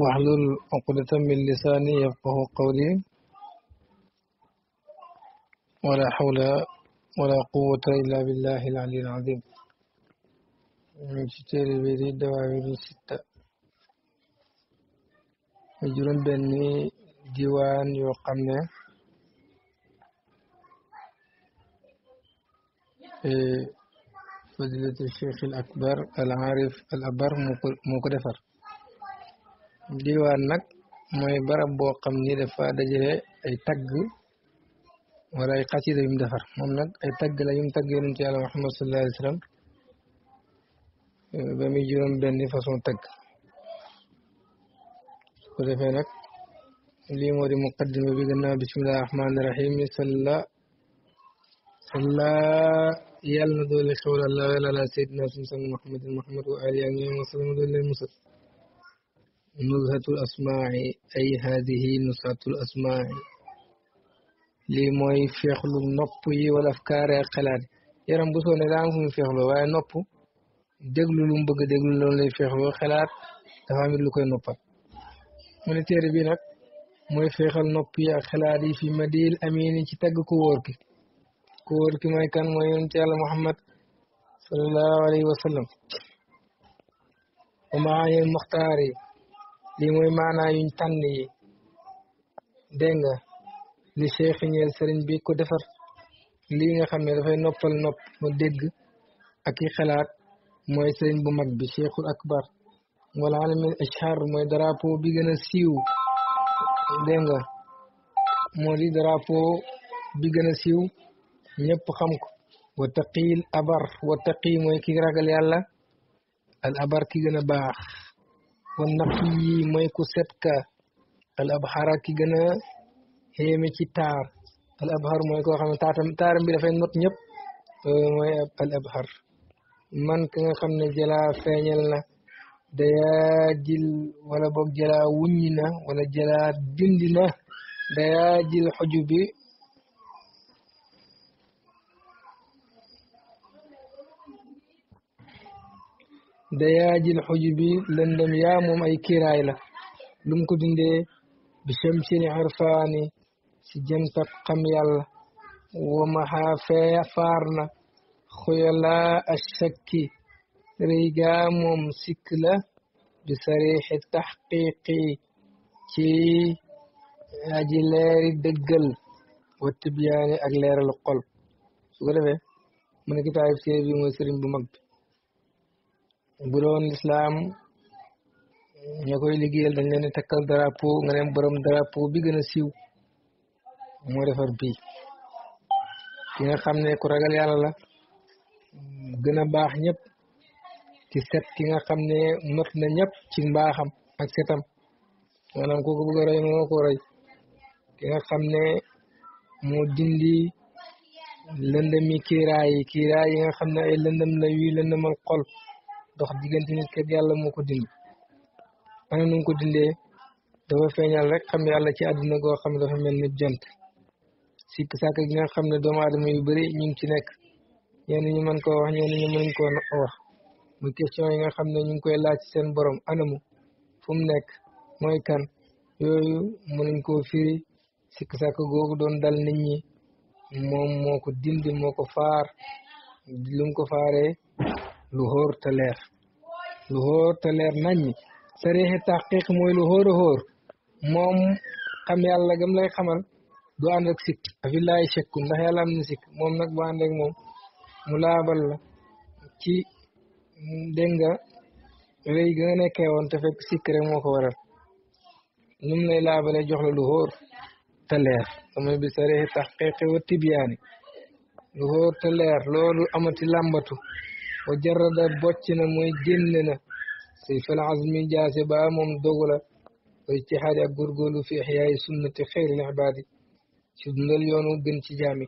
واحلل عقدة من لساني يفقه قولي ولا حول ولا قوة إلا بالله العلي العظيم من شتير بيدي دوامين ستة juróom benni diwaan yoo xam ne fadilatu cheikh al akbar al diwaan nag mooy barab boo xam ni dafa dajale ay tagg wala ay xasida yum defar moom nag ay tagg la yum tagg yonent yàlla Muhammad sallallahu alayhi wa sallam ba muy juróom benn façon tagg su ko defee nag lii moo di muqaddima bi gannaaw bismillahi rahmaani rahim salla salla yàlla na doole xewal allah ala sayyidina sunu sang Muhammadin Muhammad wa alihi wa sallam doole musal نزهة الأسماء أي هذه نزهة الأسماء لما يفعل النب والأفكار القلال يرم بسو ندعم في فعل وعي النب دقل لنبق دقل لن يفعل وخلال تفهم لك النب من التربينك ما يفعل النب خلالي في مدينة أمين كتاق كورك كورك ما كان ما ينتهي على محمد صلى الله عليه وسلم ومعاي المختاري lii mooy maanaa yuñ tànn yi dégg nga li cheikh ñeel sëriñ bi ko defar lii nga xam ne dafay noppal nopp mu dégg ak i xalaat mooy sëriñ bu mag bi cheikhul akbar wala alamil ashar mooy drapeau bi gën a siiw dégg nga moo di drapeau bi gën a siiw ñëpp xam ko wa taqil abar wa taqi mooy ki ragal yàlla al abar ki gën a baax wa naf yi mooy ku set ka al abxara ki gën a xéeme ci taar al abxar mooy koo xam ne taatam taaram bi dafay not ñëpp loolu mooy al man ka nga xam ne jalaa feeñal na dayaa wala boog jalaa wuññi wala jalaa dindi na dayaa bi dayaajil xuj bi lëndëm yaa moom ay kiiraay la lum ko dindee bi shamsil xirfaani si jantab xam yàlla wamaxaa fee faar na xuyalaa ashakki rëy moom sikk la bi sarixi taxqiqi ci aji leeri dëggal wa tibyaani ak leeralu xol su ko defee mu ne kitaab bi mooy sëriñ bu bu doon lislaam ña koy liggéeyal dañ leen di darapo drapeau nga ne borom drapeau bi gën a siiw moo defar bii ki nga xam ne ku ragal yàlla la gën a baax ñëpp ci set ki nga xam ne mot na ñëpp ci mbaaxam ak setam maanaam kooku bëgg a roy moo ko roy ki nga xam ne moo dindi lëndëmi kiiraay yi kiiraay yi nga xam ne ay lëndëm la yuy lëndëmal xol dox diggante nit yàlla moo ko dindi ana nu ko dindee dafa feeñal rek xam yàlla ci àdduna goo xam ne dafa mel ni jant sikk sàkk gi nga xam ne doom adama yu bëri ñu ngi ci nekk ñenn ñu mën koo wax ñenn ñu mën koo wax muy question yi nga xam ne ñu ngi koy laaj seen borom anamu fu nekk mooy kan yooyu mënuñ koo firi sikk sàkk googu doon dal nit ñi moom moo ko dindi moo ko faar lu ko faaree lu xóor te leer lu xóor leer naññ sarixi taxqiq mooy lu xóor a xóor moom xam yàlla gam lay xamal du ànd ak sikk afillaay chekku ndax yàlla am na sikk moom nag bu ànd ak moom laabal la ci dégg nga rëy ga nga nekkee woon te fekk sikk rek moo ko waral num lay laabale jox la lu xóor te leer damay bi sarixi taxqiqi wa tibyaani leer loolu amati làmbatu wa jarada bocc na mooy génn na say fal azmi jaase ba moom dogu la wa ijtihaadi ak góorgóorlu fi ixyaay sunnati xeyril ibaadi ci dundal yoonu gën ci jaami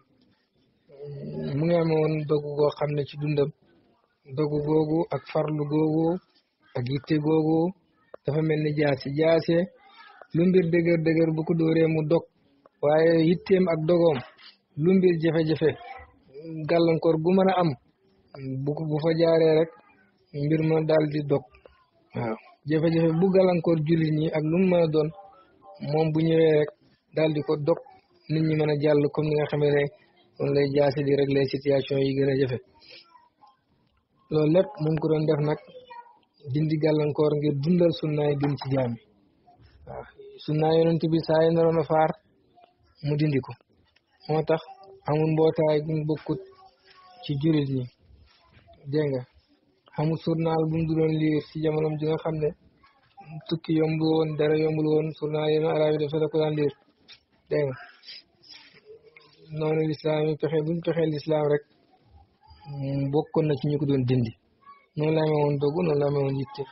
mu ngi amoon dogu goo xam ne ci dundam dogu googu ak farlu googu ak yitte googu dafa mel ni jaase jaase lu mbir dëgër dëgër bu mu dog waaye yitteem ak dogom lu mbir jafe-jafe gàllankoor gu mën a am bu ko bu fa jaaree rek mbir ma dal di dog waaw jafe-jafe bu gàllankoor julli ni ak lu mu doon moom bu ñëwee rek dal di ko dog nit ñi mën a jàll comme ni nga xamee ne noonu lay jaase di les situation yi gën a jafe loolu lépp mu ngi ko doon def nag dindi gàllankoor ngir dundal sunnaay bi ci jaam yi waaw sunnaay yonent bi saa yi naroon a faar mu dindi ko moo tax amul mbootaay guñ bokkut ci jurit ñi dégg nga xamul journal bu mu doon lire si jamonoom ji xam ne tukki yombul woon dara yombul woon journal yenn arab yi def sa da ko daan lire dégg nga noonu lislaam pexe buñ pexee lislaam rek mm, bokkoon na ci ko doon dindi noonu la amee dogu noonu la amee woon yitte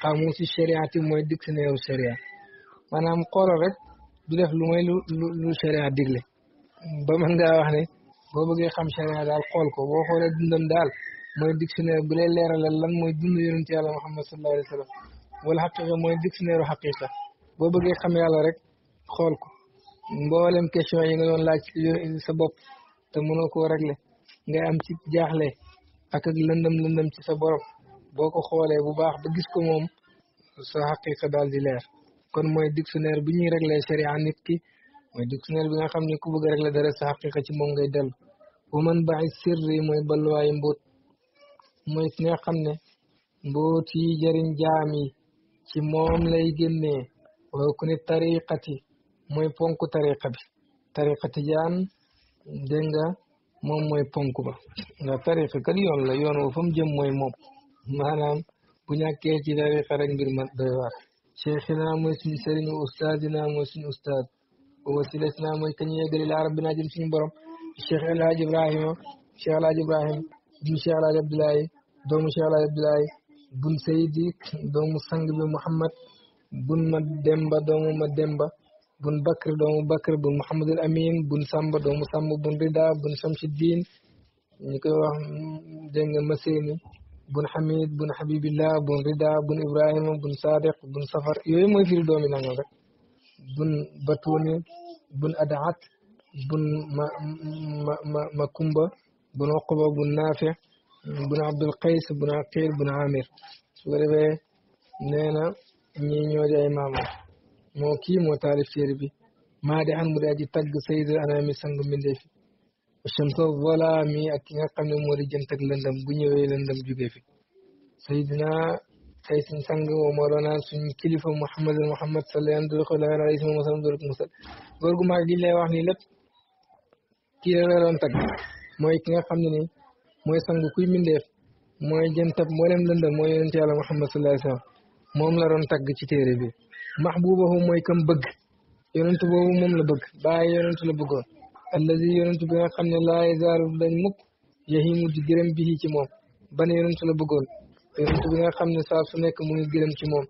xamu si chériat yi mooy dictionnaire chériat maanaam xoolal rek du def lu may lu lu digle ba mën ngaa wax ne boo bëggee xam chériat daal xool ko boo xoolee dundam daal mooy dictionnaire bu lay leeralal lan mooy dund yonent yàlla Muhammad sallallahu alayhi wa sallam wala xaqiqa mooy dictionnaire xaqiqa boo bëggee xam yàlla rek xool ko mboolem question yi nga doon laaj sa bopp te mënoo koo le nga am ci jaaxle ak ak lëndëm lëndëm ci sa borom boo ko xoolee bu baax ba gis ko moom sa xaqiqa daal di leer kon mooy dictionnaire bi ñuy régler sharia nit ki mooy dictionnaire bi nga xam ne ku bëgg a régler dara sa xaqiqa ci moom ngay dellu bu man baaxi sirri mooy balluwaayu mbóot mooy ki nga xam ne mboot yi jëriñ yi ci moom lay génnee waaye ku ne tariqati mooy ponk tariqa bi tariqati jan dégg nga moom mooy ponk ba nga tariqa kat yoon la yoon woo fa mu jëm mooy moom maanaam bu ñàkkee ci tariqa rek mbir ma doy waar cheikhina mooy suñu sëriñ ustaadina mooy suñu ustaad wasilatina mooy kañu yeggali laa rabbina jëm suñu borom cheikh El Hadj Ibrahima cheikh El Hadj di Cheikh El Hadj Abdoulaye doomu Cheikh El Hadj Abdoulaye bun Seydi doomu sang bi Mouhamad bun ma Demba doomu ma Demba bun Bakr doomu Bakr bun Mouhamadul Amin bun Samba doomu Samba bun Rida bun Samshiddin ñu koy wax dégg nga Maseeni bun Hamid bun Habibillah bun Rida bun Ibrahima bun Sadiq bun Safar yooyu mooy firi doomi nangam rek bun Batuni bun Adaat bun ma ma ma Kumba. بن عقبة بن نافع بن عبد القيس بن عقيل بن عامر وربا نينا ني نيو جاي مامو مو كي مو تاريخ ما دي ان مودا جي تاغ سيد انا ميسان سانغ مندي في الشمس الظلامي اكي قام مو جنتك لندم بو نيوي لندم جوغي في سيدنا سيد سانغ ومرنا سن كليفه محمد محمد صلى الله عليه وسلم عليه وسلم درك مسل غورغو ما دي لي واخ ني لب كي لا رون moy ki nga xamni ni moy sangu kuy mbindeef moy jëntab mo mboolem lëndal moy yonent yàlla muhammad sallallahu alayhi wasallam mom la ron tag ci téré bi mahbubahu moy kam bëgg yonentu bobu mom la bëgg bàyyi yonentu la bëggoon allazi yonentu bi nga xamni la laa dañ mukk yahimu di gërëm bi ci mom ban yonentu la bëggoon yonentu bi nga xamni sa su nekk mu ngi gërëm ci mom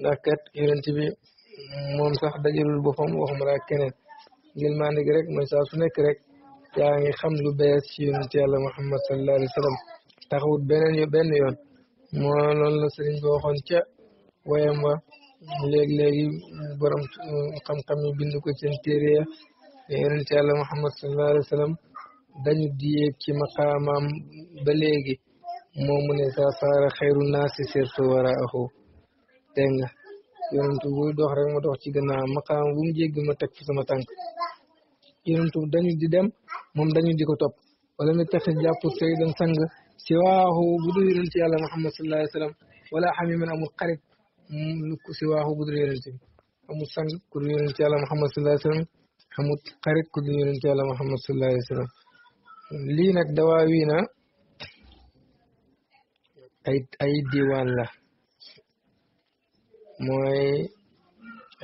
ndax kat yonent bi mom sax dajalul boppam waxuma laa keneen ngir maa rek moy sa su nekk rek yaa ngi xam lu bees ta yonent yàlla Muhammad sallallahu alayhi wa sallam taxawut beneen yo benn yoon moo loolu la sëriñ bi waxoon ca wayam wa léegi-léegi borom xam-xam yi bind ko seen téere ya ne Muhammad sallallahu alayhi wa sallam dañu diyeeg ci maqaamaam ba léegi moo mu ne saa saara xayru naasi sirtu waraahu dégg nga yonentu buy dox rek ma dox ci gannaaw maqaam bu mu jéggi ma fi sama tànk yonentu dañu di dem moom dañu di ko topp wala mi tax jàpp say dan sang si waaxu bu dul yonent yàlla Muhammad sallallahu alayhi wa amul xarit si waaxu bu dul yonent bi amul sang ku dul yonent Muhammad sallallahu alayhi wa sallam amul xarit ku Muhammad sallallahu alayhi wa sallam lii nag dawaa wii diwaan la mooy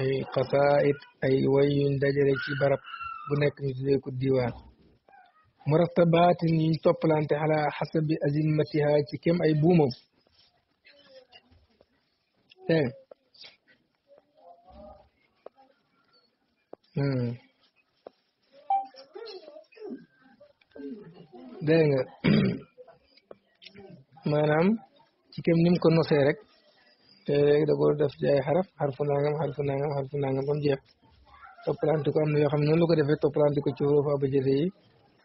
ay xasaayit ay way yuñ dajale barab bu nekk ñu tuddee ko diwaan مرتبات توبلانت على حسب أزمتها كم أي بومو ما نعم كم نمكو نصيرك تيرك إيه، دا غور داف جاي حرف حرف نانغام حرف نانغام حرف نانغام بام جيخ توبلانت كو ام نيو خامن نولوكو ديفي توبلانت كو تشوفو فا بجيتي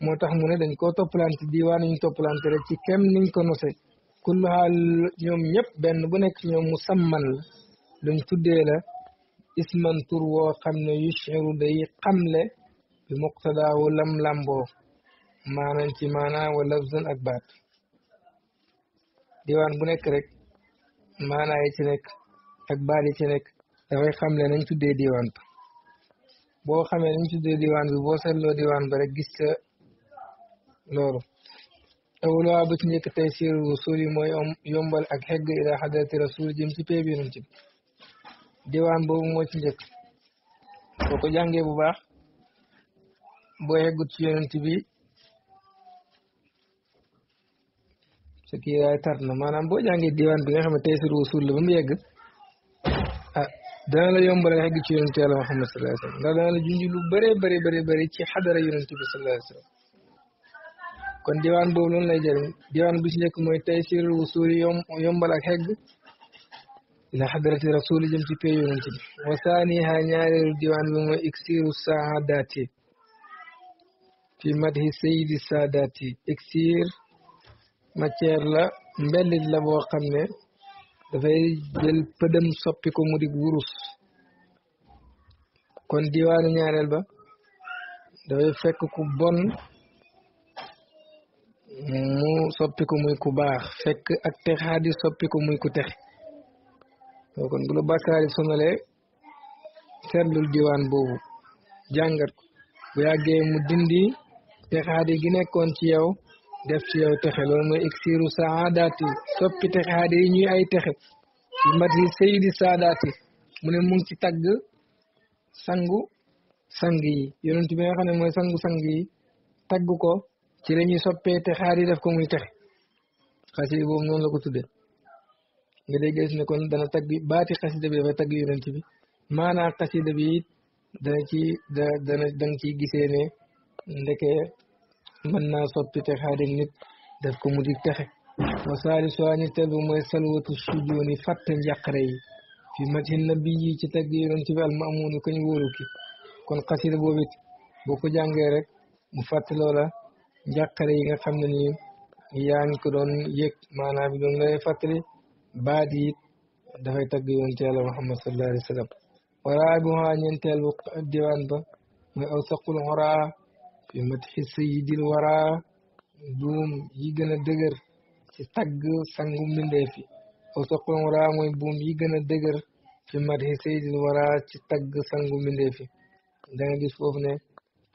moo tax mu ne dañ koo toppalante diiwaan yi ñu toppalante rek ci kem niñ ko nose kullu xaal ñoom ñëpp benn bu nekk ñoom mu samman la luñ tuddee la isman tur woo xam ne yushru day xamle bi muqtadaawu lam lamboo maanan ci maanaa wa lafzan ak baat diiwaan bu nekk rekk maanaa yi ci nekk ak baat yi ci nekk dafay xamle nañ tuddee diiwaan ba boo xamee nañ tuddee diiwaan bi boo seetloo diiwaan ba rek loolu awlaa ba ci njëkk tey siir wusul yi yombal ak xegg ila xadarati rasul jëm ci pee bi yonent bi diwaan boobu moo ci njëkk boo ko jàngee bu baax boo yeggut ci yonent bi ce qui yaay na maanaam boo jàngee diwaan bi nga xam ne tey siir wusul la ba mu yegg ah dana la yombal ak xegg ci yonent yàlla Muhammad sallallahu alayhi wa sallam ndax dana la ci xadara yonent bi sallallahu alayhi kon diwaan boobu loolu lay jëriñ diwaan bi si nekk mooy taysirul wusuli yom yombal ak xegg ila xadrati rasul jëm ci pay yonent bi wa saaniha ñaareelu diwaan bi mooy iksiru saadaati fi madhi sayidi saadaati iksir matière la mbellit la boo xam ne dafay jël pëdëm soppi ko mu wurus kon diwaanu ñaareel ba dafay fekk ku bon mu soppi ko muy ku baax fekk ak texaadi soppi ko muy ku tex kon bu la bàkkaari sonalee seetlul diwaan boobu jàngat ko bu yàggee mu dindi texaadi gi nekkoon ci yow def ci yow texe loolu mooy iksiru saadaati soppi texaadi yi ñuy ay texe lu mat yi sayidi saadaati mu ne mu ci tagg sangu sang yi yonent bi nga xam ne mooy sangu sang yi tagg ko ci la ñuy soppee te xaar yi def ko muy texe xasida boobu noonu la ko tuddee nga dee gis ne kon dana tagg baati xasida bi da tagg yonent bi maanaa xasida bi dana ci da dana da nga ciy ndeke mën naa soppi te xaarig nit def ko mu dig texe wa saali soi ñetteel bu mooy salwatu sujooni fàtte njàqare yi fi matin nabi yi ci tagg yonent bi almamunu kañ wóoru ki kon xasida boobu it boo ko jàngee rek mu fàtte loola njàqare yi nga xam ne nii yaa ngi ko doon yëg maanaam bi doon fàttali baat yi dafay tagg yoon teela Muhammad sallallahu alayhi wa sallam waraa bi waa ñeenteelu diwaan ba mooy aw saqul xoraa fi matxi sayidil waraa buum yi gën a dëgër ci tagg sangu mbindee fi aw saqul xoraa buum yi gën a dëgër fi matxi sayidil waraa ci tagg sangu mbindee fi da gis foofu ne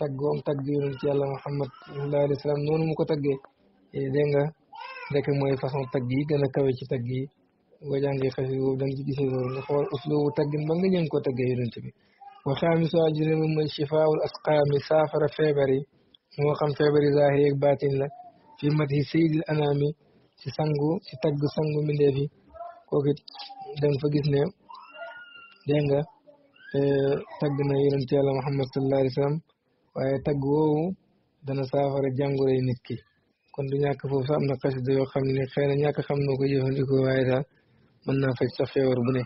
تغوم تغدير الله محمد صلى الله عليه وسلم نون مكو تغي دينغا ديك موي فاصون تغي غنا كاوي سي تغي وجانغي خفي و دنج جيسي لور خول اسلوب تغين باغ نين كو تغي يونت بي وخامس اجر من الشفاء والاسقام سافر فيبري مو خام فيبري ظاهري و باطن لا في مدح سيد الانامي سي سانغو سي تغ سانغو ميندي في كوكيت دنج فا غيس نيو دينغا تغنا يونت الله محمد صلى الله عليه وسلم waaye tagg woowu dana saafara jàngoro yi nit ki kon du ñàkk foofu saam na xasida yoo xam ne xëy na ñàkk xam noo ko jëfandikoo waaye daal mën naa faj sa feewar bu ne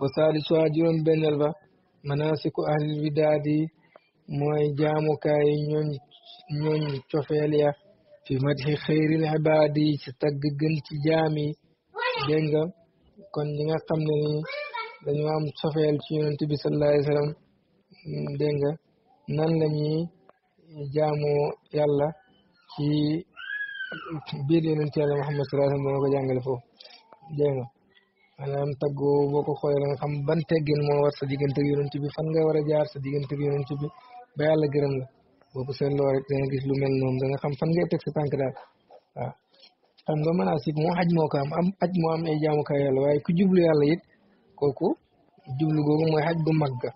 wa saadisuha juróom benneel ba manaasiku ahlil bidaadi mooy jaamukaay ñooñ ñooñ cofeel ya fi madhi xayril ibaadi ci tagg gën ci jaam yi dégg nga kon ñi nga xam ne ni dañoo am cofeel ci yonent bi sallallahu alayhi wa nga nan la ñuy jaamoo yàlla ci de yonent yàlla Muhammad sallallahu alayhi wa sallam dana ko jàngale foofu dégg nga maanaam taggoo boo ko xoolee da nga xam ban teggin moo war sa diggante ak yonent bi fan nga war a jaar sa diggante ak yonent bi ba yàlla gërëm la boo ko rek da nga gis lu mel noonu da nga xam fan ngay teg sa tànk daal waaw xam nga manaasik moo aj moo ko am am aj moo am ay jaamukaay yàlla waaye ku jublu yàlla it kooku jublu googu mooy bu mag ga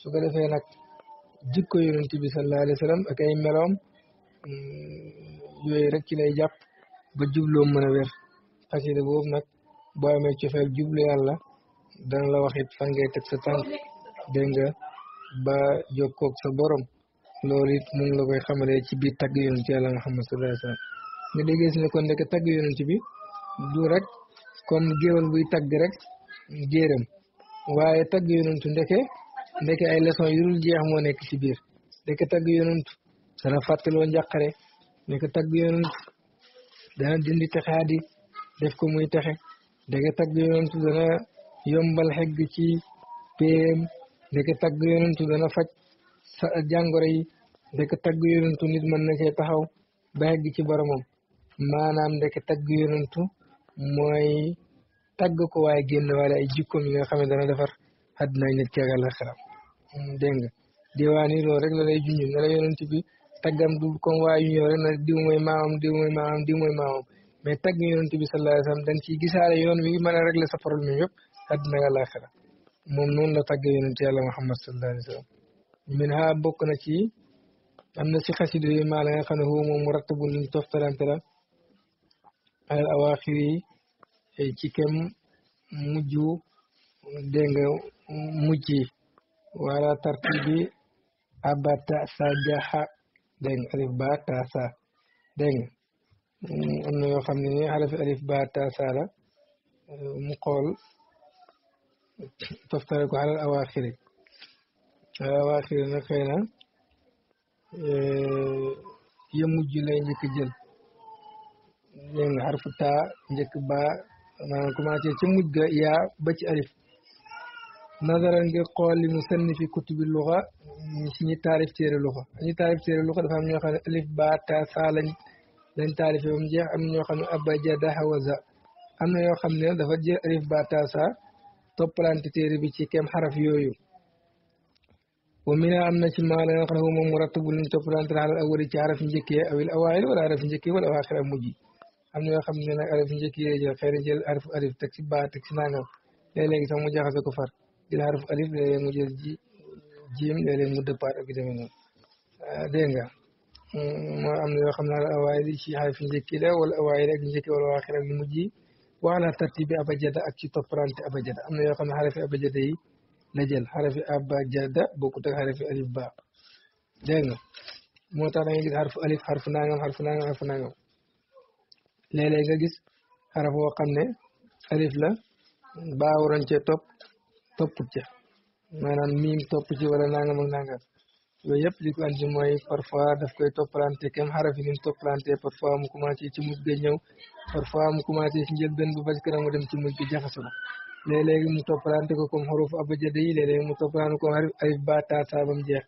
su ko nag jikko yonent bi sallallahu alayhi wa sallam ak ay meloom rek ci lay jàpp ba jubloo mën a wér xasida boobu nag boo amee cofeel jublu yàlla dana la waxit fan ngay teg sa tànk dégg nga ba jokkoog sa borom loolu it mu ngi la koy xamalee ci biir tagg yonent yàlla Muhammad sallallahu alayhi wa sallam nga déggee si ne kon nekk tagg yonent bi du rek comme géwal buy tagg rek jéeram waaye tagg yonent ndeke ndeke ay leçon yu jeex moo nekk ci biir ndeke tagg yonent dana fàttaloo njàqare ndeke tagg yonent dana dindi texaat yi def ko muy texe ndeke tag yonent dana yombal xegg ci péem ndeke tagg yonent dana faj sa jàngoro yi ndeke tagg yonent nit mën na cee taxaw ba xegg ci boromam maanaam ndeke tagg yonent mooy tagg ko waaye génn wala ay jikkoom yi nga xam ne dana defar àddina nit ki ak àllaxira dégg nga diwaan yi loolu rek la lay junj ne la yonent bi taggam du comme waa yu diw mooy maamam diw mooy maamam diw mooy maamam mais tagg yonent bi sallallahu alayhi wa sallam dañ ciy gisaale yoon wi mën a régler sa problème yëpp àddina moom noonu la tagg yonent yàlla Muhammad sallallahu alayhi wa min ha bokk na ci am si xasida yi maa la nga xam ne foofu moom mu rattabu luñ toftalante la alal awaaxir yi wala tartibi abata hak deng alif bata sa deng mm, am na yoo xam ni alif alif bata sa la euh, mu xol taftare ko alal awakhir alal awakhir na euh, ya mujj lay jël dégg harfu ta njëkk ba ci ci ya ba ci alif نظرا لقول مصنف كتب اللغه ني تعرف تير اللغه ني تعرف تير اللغه دا فام ньо خاني الف با تا سا لاني لاني تعرف بام جيخ ام ньо خاني ابا جدا حوزا ام ньо خاني دا فا جيخ الف با تا سا توبلانت تير بي سي كيم حرف يويو ومن ان شي ما لا يقره مرتب ني توبلانت على الاول تي حرف نجيكي او الاوائل ولا حرف نجيكي ولا اخر مجي ام ньо خاني نا الف نجيكي جي خير جيل الف الف تك سي با تك سي نانو لي لي سامو جاخ jël xaruf alif léeg-léeg mu jël ji jiim léeg-léeg mu départ ak demee ah, nga mm, am na yoo xam ne al awaayil ci xarfi njëkki la wala awaayil ak njëkki wala waaxir ak mujj yi wala tartibi abajada ak ci toppalante abajada am na yoo xam ne xarafi abajada yi la jël xarafi abajada bokkut a xarafi alif ba dégg nga moo tax da nga gis xarfu alif xarfu nangam xarfu nangam xarfu nga gis xaraf woo xam ne alif la baa waroon cee topp topp ca maanaam miim topp ci wala nangam ak nangam yooyu yëpp li andi mooy parfois daf koy toppalante kem xarafi ni mu toppalante parfois mu commencé ci mujj ga ñëw parfois mu commencé ci njëlbeen bu bas kanam mu ci mujj gi jaxasu la léeg-léeg mu toppalante ko comme xuruf abajada yi léeg-léeg mu toppalante ko xarif alif ba taa taa jeex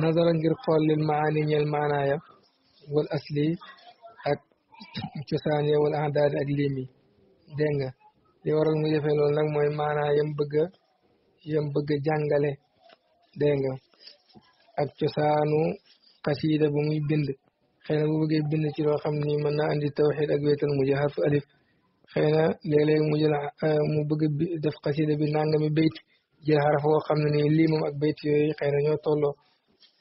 nazara ngir xool lil maani ñeel maanaaya wal asli ak cosaan ya wala ahdaad ak limi dégg nga waral mu defee loolu nag mooy maanaa yam yam bëgg jàngale dégg nga ak cosaanu xasiida bu muy bind xëy na bu bëggee bind ci loo xam ni mën naa andi tawxid ak wetal mu jël alif xëy na léeg-léeg mu jël mu bëgg def xasiida bi nangami bayt jël xaraf woo xam ne nii lii ak bayt yooyu xëy na ñoo tolloo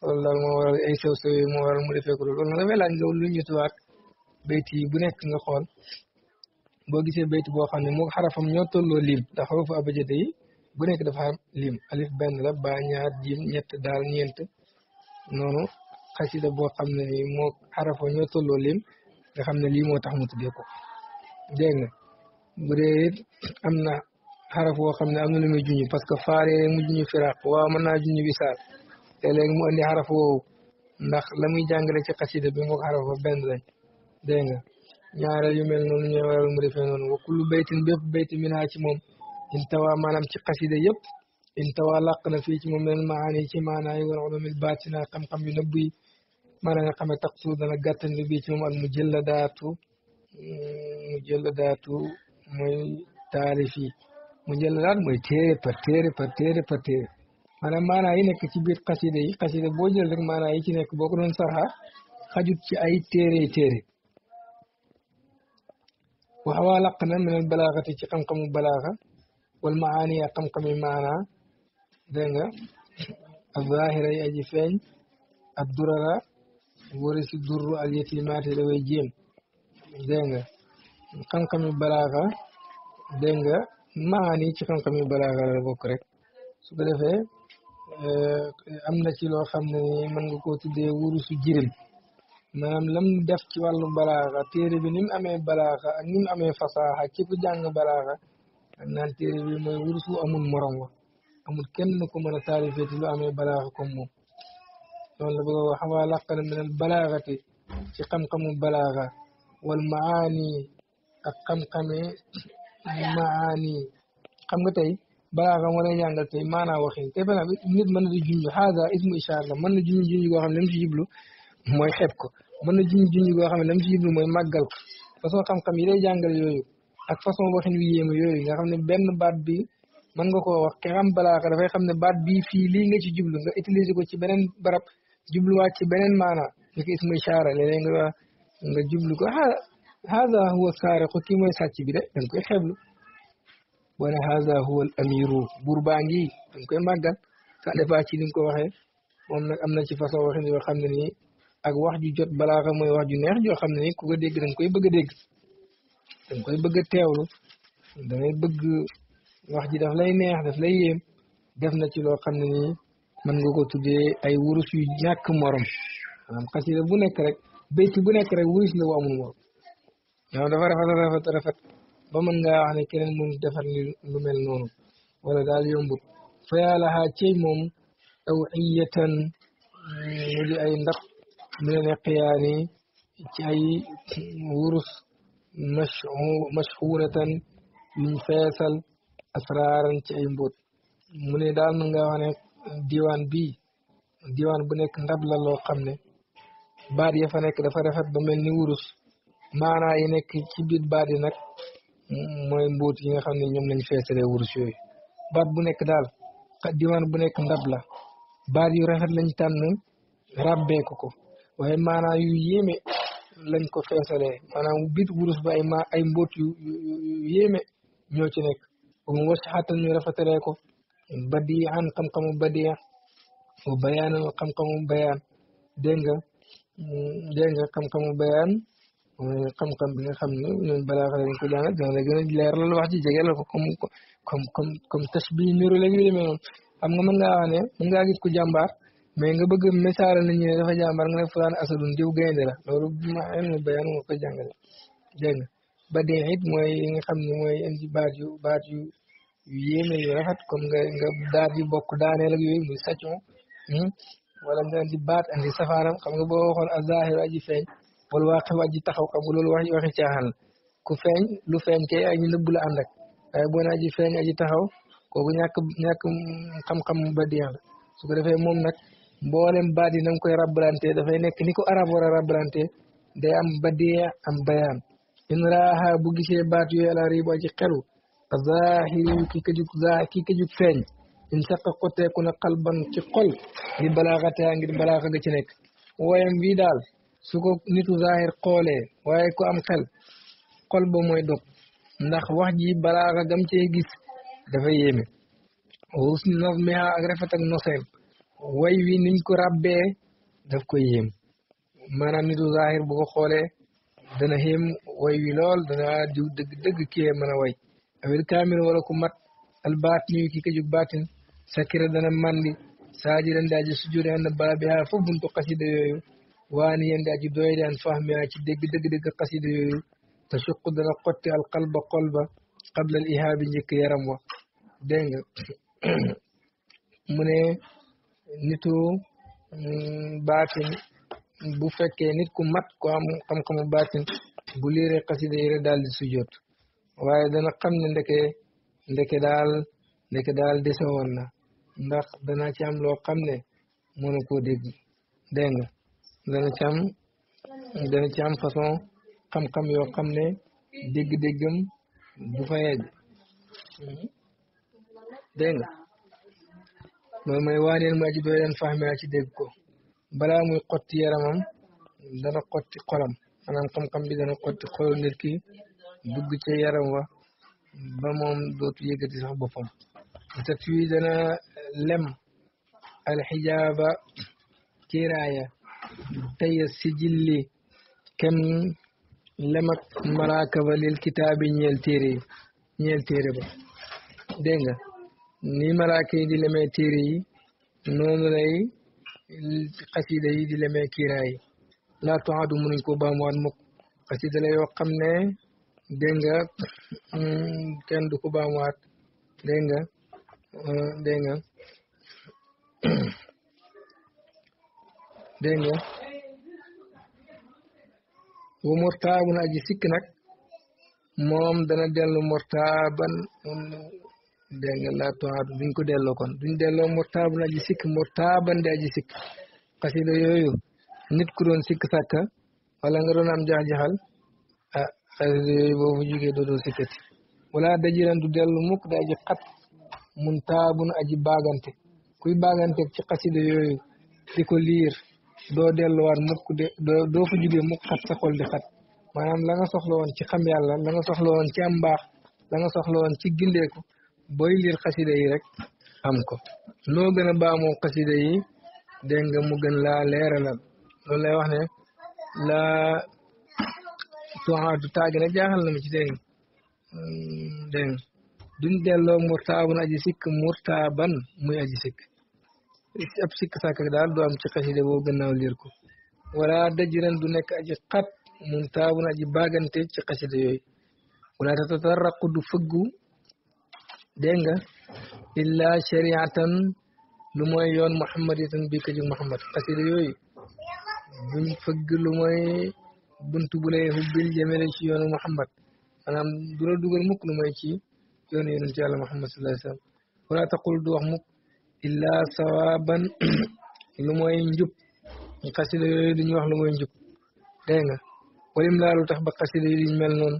loolu daal moo waral ay sew sew yooyu moo waral mu defee ko loolu loolu nag dafay nga lu ñu tuwaat bayt yi bu nekk nga xool boo gisee bayt boo xam ne moo xarafam ñoo tolloo lim ndax xarufu abajete yi bu nekk dafa am lim alif benn la ba ñaar jim ñett daal ñeent noonu xasida boo xam ne nii moo xarafa ñoo tolloo lim nga xam ne lii moo tax mu tuddee ko dégg nga bu am na xaraf xam ne am na lu muy junj parce que faare mu junj firaq waaw mën naa junj wisaal te léegi mu andi xaraf ndax la muy jàngale ci xasida bi moo xaraf ba lañ dégg nga ñaareel yu mel noonu ñooy waral mu defee noonu wa kullu baytin bépp bayti minaa ci moom انتوا ما لم تقصد يب انتوا لقنا فيك من المعاني كما انا يقول علم الباتنا قم قم ينبي ما لنا قم تقصود انا قتل لبيتهم المجلدات مجلدات من تاريخي مجلدات من تيري فتيري فتيري فتيري انا ما انا هنا كتبت قصيدة قصيدة بوجه لك ما انا هنا كبقرون صحا خجبت اي تيري تيري وحوالقنا من البلاغة تقم قم البلاغة wal maani ak xam-xami maana dégg nga ak zaahira yi aji feeñ ak durara wari si durru al yetimaate da way jéem dégg nga xam-xami balaaxa ci xam-xami balaaxa la bokk rek su ko defee eh, am na ci loo xam ne ni mën nga koo tuddee jirim maanaam lam def ci wàllu balaaxa téere bi ni mu amee balaaxa ak ni mu amee fasaaxa ku jàng balaaxa naan téere bi mooy wursu amul morom wa amul kenn ku mën a taarifee ci lu amee balaaxa comme moom loolu la bëgg a wax xamaa laqana min al balaaxati ci xam-xamu balaaxa wal maani ak xam-xamee maani xam nga tey balaaxa moo lay jàngal tey maanaa waxin tey par exemple nit mën na di junj haada ismu ishaar la mën na junj junj goo xam ne lam ci jublu mooy xeeb ko mën na junj junj goo xam ne lam ci jublu mooy màggal ko façon xam-xam yi lay jàngal yooyu ak façon bo wi yéema yooyu nga xam benn baat bi man nga ko wax kiram balaaxa da fay ne baat bi fi li nga ci djublu nga utiliser ko ci beneen barab wa ci benen mana ni ko ismay saara lene leeg nga nga djublu ko a haada huwa sariq ki moy sàcc bi de dang koy xeblu wala hada huwa al amiru burbangi dang koy magal sa defa ci ni ko waxe mom nak amna ci façon waxini yoo xam ne ak wax ju jot balaaxa moy wax ju neex jo xam ku ko dégg da nga koy bëgg deg dang koy bëgg a teewlu da ngay bëgg wax ji daf lay neex daf lay yem def na ci loo xam ne nii mën nga ko tuddee ay wurus yu ñàkk morom maanaam xasida bu nekk rek béyt bu nekk rek wurus la wu amul morom yow dafa rafet rafet rafet ba mën ngaa wax ne keneen mun defar ni lu mel noonu wala daal yombut fa yàlla xaa cey moom aw iyatan mu di ay ndax mu ne ne xiyaani ci ay wurus mashhuratan yuñ feesal asraaran ci ay mbóot mu ne daal na nga wax diwaan bi diwaan bu nekk ndab la loo xam ne baat ya fa nekk dafa rafet ba mel ni wurus maanaa yi nekk ci biir baat yi nag mooy mbóot yi nga xam ne ñoom lañ feesale wurus yooyu baat bu nekk daal diwaan bu nekk ndab la baat yu rafet lañ tànn ràbbee ko ko waaye maanaa yu yéeme lañ ko feesalee maanaam biit wurus ba ay ma ay mbóot yu yu yéeme ñoo ci nekk ba mu wasi xattan ñu rafetalee ko badi an xam-xamu badiya wa bayaanan xam-xamu bayaan dégg nga mm, dégg nga xam bayaan xam-xam bi nga xam ne ñun balaa xam ko jàngat dana la gën a leeralal jege la ko comme comme comme comme tashbih bi demee xam nga mën ngaa wax ne mën ngaa gis mais nga bëgg misaal nit ñi ne dafa jàmbar nga ne fulaan asadun diw gaynde la loolu ma ilmul bayaan moo ko jàngale dégg ba dee mooy yi nga xam ne mooy indi baat yu baat yu yu yéeme yu rafet comme nga nga yu bokk daaneel ak yooyu muy hmm? wala nga indi baat indi safaaram xam nga boo waxoon azahir aji feeñ wala waaqif aji taxaw xam nga loolu wax waxi caaxaan la ku feeñ lu feeñ kay aji nëbb la ànd ak waaye boo ne aji feeñ aji taxaw kooku ñàkk ñàkk xam-xam ba dee la defee moom nag mboolem baat yi na koy rabbalante dafay nekk ni ko arab war a rabbalante day am badiya am bayan in raaha bu gisee baat yooyu àla ribo ci xelu a zahiri ki ka jug feeñ in saqa xoteeku na xalban ci xol di balaaxataa ngir balaaxa nga ci nekk wooyam bii daal su ko nitu zahir xoolee waaye ku am xel xol ba moy dog ndax wax ji balaaxa gam cee gis dafa yéeme husni nazmiha ak rafet ak noseem way wi niñ ko rabbe daf koy yem manam nitu zahir bu ko xolé dana xéem way wi lol dana diw deug deug kiyee meuna way awil kamil wala ku mat al baat ki ka ju batin sakira dana mandi saaji ren daaji sujjóote an ha fu buntu xasida yooyu waani yen doyde an fahmi fahmiha ci deug deug deug qasida yoyu te suq dana qatti al qalb qalba qabla al ihaabi njëkk yaram wa dégg mune nitu mm, baatin bu fekkee nit ku mat ku am xam-xamu baatin bu liire xasida yi rek di sujjoot waaye dana xam ne ndeke ndeke daal ndeke daal dese na ndax dana ci am loo xam ne mënu koo dégg dég nga dana ci am façon xam-xam yoo xam ne dégg-déggam bu fa moy mooy waaneel ma aji dooleel fahmi ci deg ko bala muy xotti yaramam dana xotti xolam maanaam xam-xam bi dana xotti xol nit ki dugg ci yaram wa ba moom dootu yegati sax bopam boppam fi dana lem al hijaba kiraya tay sijilli kem lemak maraka walil lil kitaabi tere téere tere ba denga ni malaaka di leme téere yi noonu lay xasida yi di lemee kiiraay laa tuaadu mënuñ ko baamuwaat mukk xasida la yoo xam ne dégg nga mm, kenn du ko baamuwaat mm, dégg nga dégg nga dégg nga bu mortaabun ji sikk nag moom dana dellu mortaaban dégg nga laa toxaatu duñ ko delloo kon duñ delloo murtaabun aji sikk murtaaban di aji sikk xasida yooyu nit ku doon sikk sàkka wala nga doon am jax-jaxal ah xasida yooyu boobu jugee doodoo sikkati wala dajiran du dellu mukk di aji xat mun taabun aji baagante kuy baagante ci xasida yooyu di ko liir doo delluwaat mukk de doo jige jugee mukk xat sa xol di xat maanaam la nga soxla woon ci xam yàlla la nga soxla woon ci am mbaax la nga soxla ci booy liir xasida yi rek am ko loo gën a baamoo xasida yi dégg nga mu gën laa leeralal loolu lay wax ne laa tuaatu taagi nag jaaxal na ma ci dégg hmm, dégg duñ delloo murtaabun aji sikk murtaaban muy aji sikk ab sikk sàkk daal du am ci xasida boo gannaaw liir ko wala dajran du nekk aji xat muntaabun aji bagante ci xasida yooyu wala tatatarraqu du fëggu دينغا الا شريعه لموي يون محمد تن بك جو محمد قصيده يوي بن فغ لموي بنت بني حب الجمال شي يون محمد انا دورا دوغل مك لموي شي يون يونس الله محمد صلى الله عليه وسلم ولا تقول دو مك الا ثوابا لموي نجوب قصيده يوي دي نيوخ لموي نجوب دينغا ولم لا تخبى قصيده يوي مل نون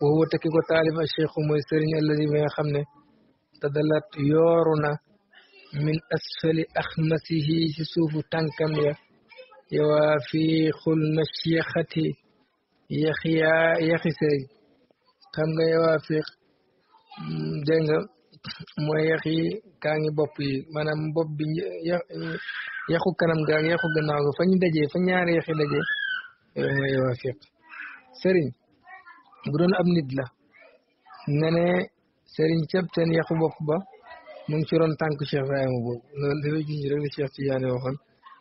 وهو تكي كو طالب الشيخ موي سيرين الذي ما خمنه تدلت يورنا من أسفل أخمته يسوف تنكم يا يوافي خل مشيخته يخيا يخسي كم يوافي دنگ مو يخي كاني بوبي مانام بوبي يخو كانم غا يخو غناغو فني دجي فنيار يخي دجي يوافي سيرين بدون ابن دلا نني sëriñ cëb seen yàqu bopp ba mu ngi ci ron tànk Cheikh Ibrahima boobu loolu dafa junj rek la Cheikh Tidiane waxoon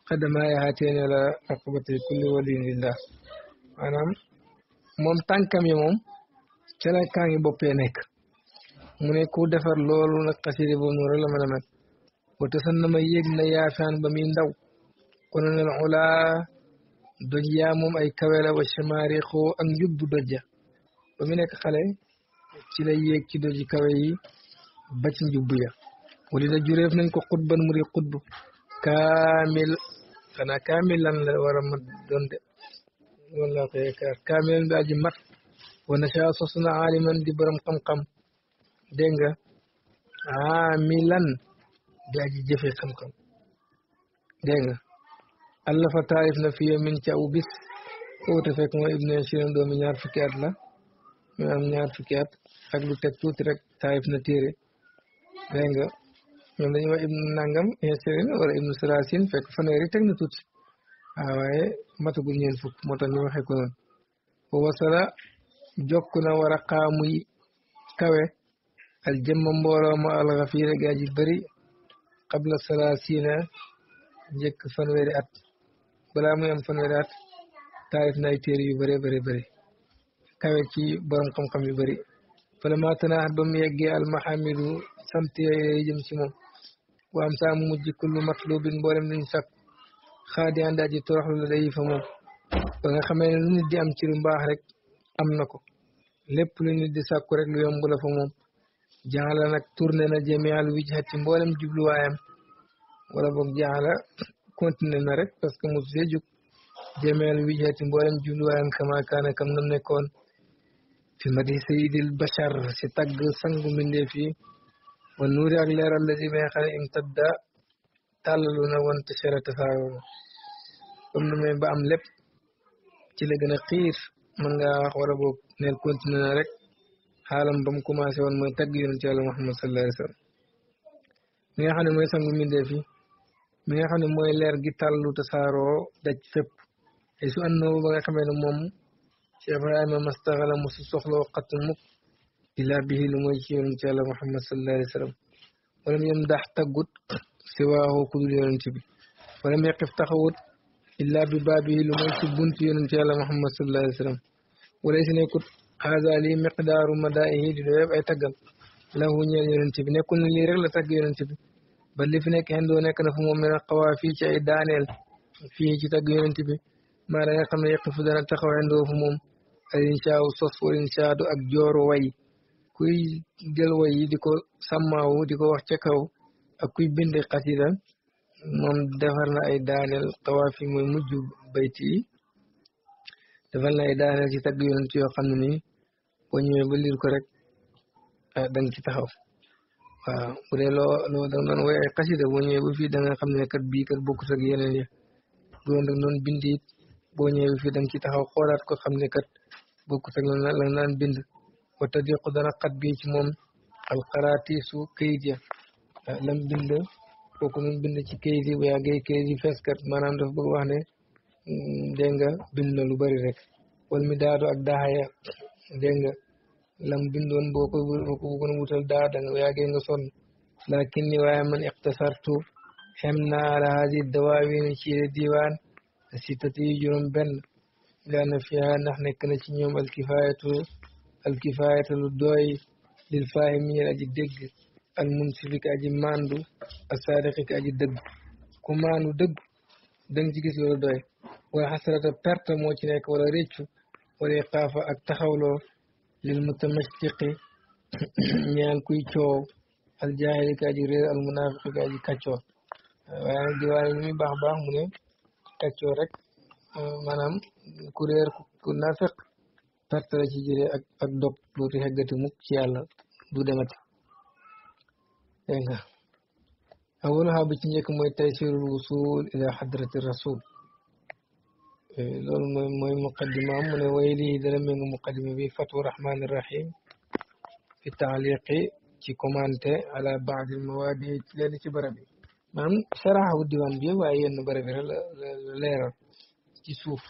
xadamaa yaxaateen la aqabati kulli waliin lillah maanaam moom tànkam yi moom ca la kaa ngi boppee nekk mu ne ku defar loolu nag xasida boobu noonu rek la mën a mel wate san na ba muy ndaw kon nal olaa doj yaa moom ay kawela wa chamaarixoo ak njubbu ba mu nekk ci la yéeg ci doji kawe ba ci ya wali da jureef nañ ko xutban mu di xutb kaamil xanaa kaamil lan la war a mat doon de wala ko yaakaar kaamil lan daa ji mat wana saa sos na aaliman di borom xam-xam dégg nga aamilan daa ji jëfe xam-xam dégg nga allafa taarif na fiye min ci aw bis ko te fekk mooy ibne shirin doomi ñaar fukki at la ñu am ñaar fukki at ak teg tuuti rek taayif na téere dégg nga ñoom dañuy wax ibnu nangam insérin wala ibnu salasin fekk fanweeri teg na tuuti waaw ah, waaye matagul ñeen fukk moo tax ñu waxee ko noonu wa wasala jokk na war a xaamuy kawe al jëmma mbooloo ma alxafiira gaa ji bëri qabla salaasina fanweeri at balaa muy fanweeri at taarif na ay yu bare bëri bëri kawe ci borom xam-xam yu bëri fala ma tanaax ba mu yeggee almahamidu sant yooyu jëm ci moom waam saa mu mujj kullu matlubin mboolem luñ sàkk xaadi àndaa ji toroxlu la day fa moom ba nga xamee ne lu nit di am ci lu mbaax rek am na ko lépp lu nit di sàkku rek lu yomb la fa moom jaala nag tourné na jamial wijhat ci mboolem jubluwaayam wala boog jaala continué na rek parce que mosu see jug jamial wijhat ci mboolem jubluwaayam kama kaana kam nam nekkoon في مدي سيد البشر ستق سنگ من في والنور أغلير الذي ما يخلق امتد تعللون وانتشر تفاهم ثم ما بعم لب تلقنا قير من غا خوربوك نيل كنت نارك حالم بم كما سيوان من تق ينجال محمد صلى الله عليه وسلم من يحن ما يسنگ من في من يحن ما يلير جي تعللو تسارو دج فب يسو أنه بغا خمين مومو ما استغل موسى مسوسخ وقت المك إلى به لمجي رجال محمد صلى الله عليه وسلم ولم يمدح تقود سواه كل يرنتبي ولم يقف تخوت إلا ببابه لمجي بنت يرجال محمد صلى الله عليه وسلم وليس نكت هذا لي مقدار مدائه لدويب أي تقل له نيال يرنتبي نيكون لي رغل تق يرنتبي بل لي فنك هندو نيك نفهم من القوافي moom دانيل فيه fii ci ay daaneel fii يقف دانا yonent عنده فموم alinshaaw sos walinshadu ak jooru way kuy jël way yi di ko sàmmaawu di ko wax ca kaw ak kuy bind xasida moom defar na ay daaneel xawaafi mooy mujj bayt yi defar na ay daaneel ci tagg yonent yoo xam ne ni boo ñëwee ba liir ko rek ah, dang ci taxaw waaw bu loo loo dang doon woy ay xasida boo ñëwee ba fii da xam ne kat bii kat bokkut ak yeneen ya bu doon dang doon bind it boo ñëwee ba fii dang ci taxaw xoolaat ko xam ne kat bokkut ak la la naan bind wa tadiqu dana xat bi ci moom alxaraatiisu kayit ya ah, lam bind kooku bind ci kayit yi bu yàggee kayit yi feeskat maanaam dafa bëgg mm, bind na lu bari rek wal mi daadu ak daaya dégg lam bindoon boo ko boo ko bëggoon wutal daa da nga yàggee nga sonn lakin ni waaye man ixtasartu xem na ala hadi ci diwaan sitati juróom benn لأن فيها نحن كنت يوم الكفاية الكفاية للدوي للفاهمية أجي دق المنصفك أجي ماندو الصادقك أجي دق ku maandu dëgg danga ci gis loolu doy wala xasarata perte moo ci nekk wala réccu wala xaafa ak taxawloo lil mutamashiqi ñaan kuy coow al jaahili kaa ji réer al munaafiqi kaa ji kàccoo waaye nag diwaan yi ñu baax baax mu rek maanaam kuréer ku naafeq perte la ci jëlee ak ak dog dootu xeggati mukk ci yàlla du demati dégg nga awalaha bi ci njëkk mooy taysirul wusul ila xadrati rasul loolu mooy mooy muqaddimaam mu ne way lii dana mel nga muqaddima bi fatu rahman rahim fi taaliqi ci commenté ala baadil mawaadi ci lenn ci barab yi maanaam saraxawu diwaan bi waaye yenn barab yi la leeral ci suuf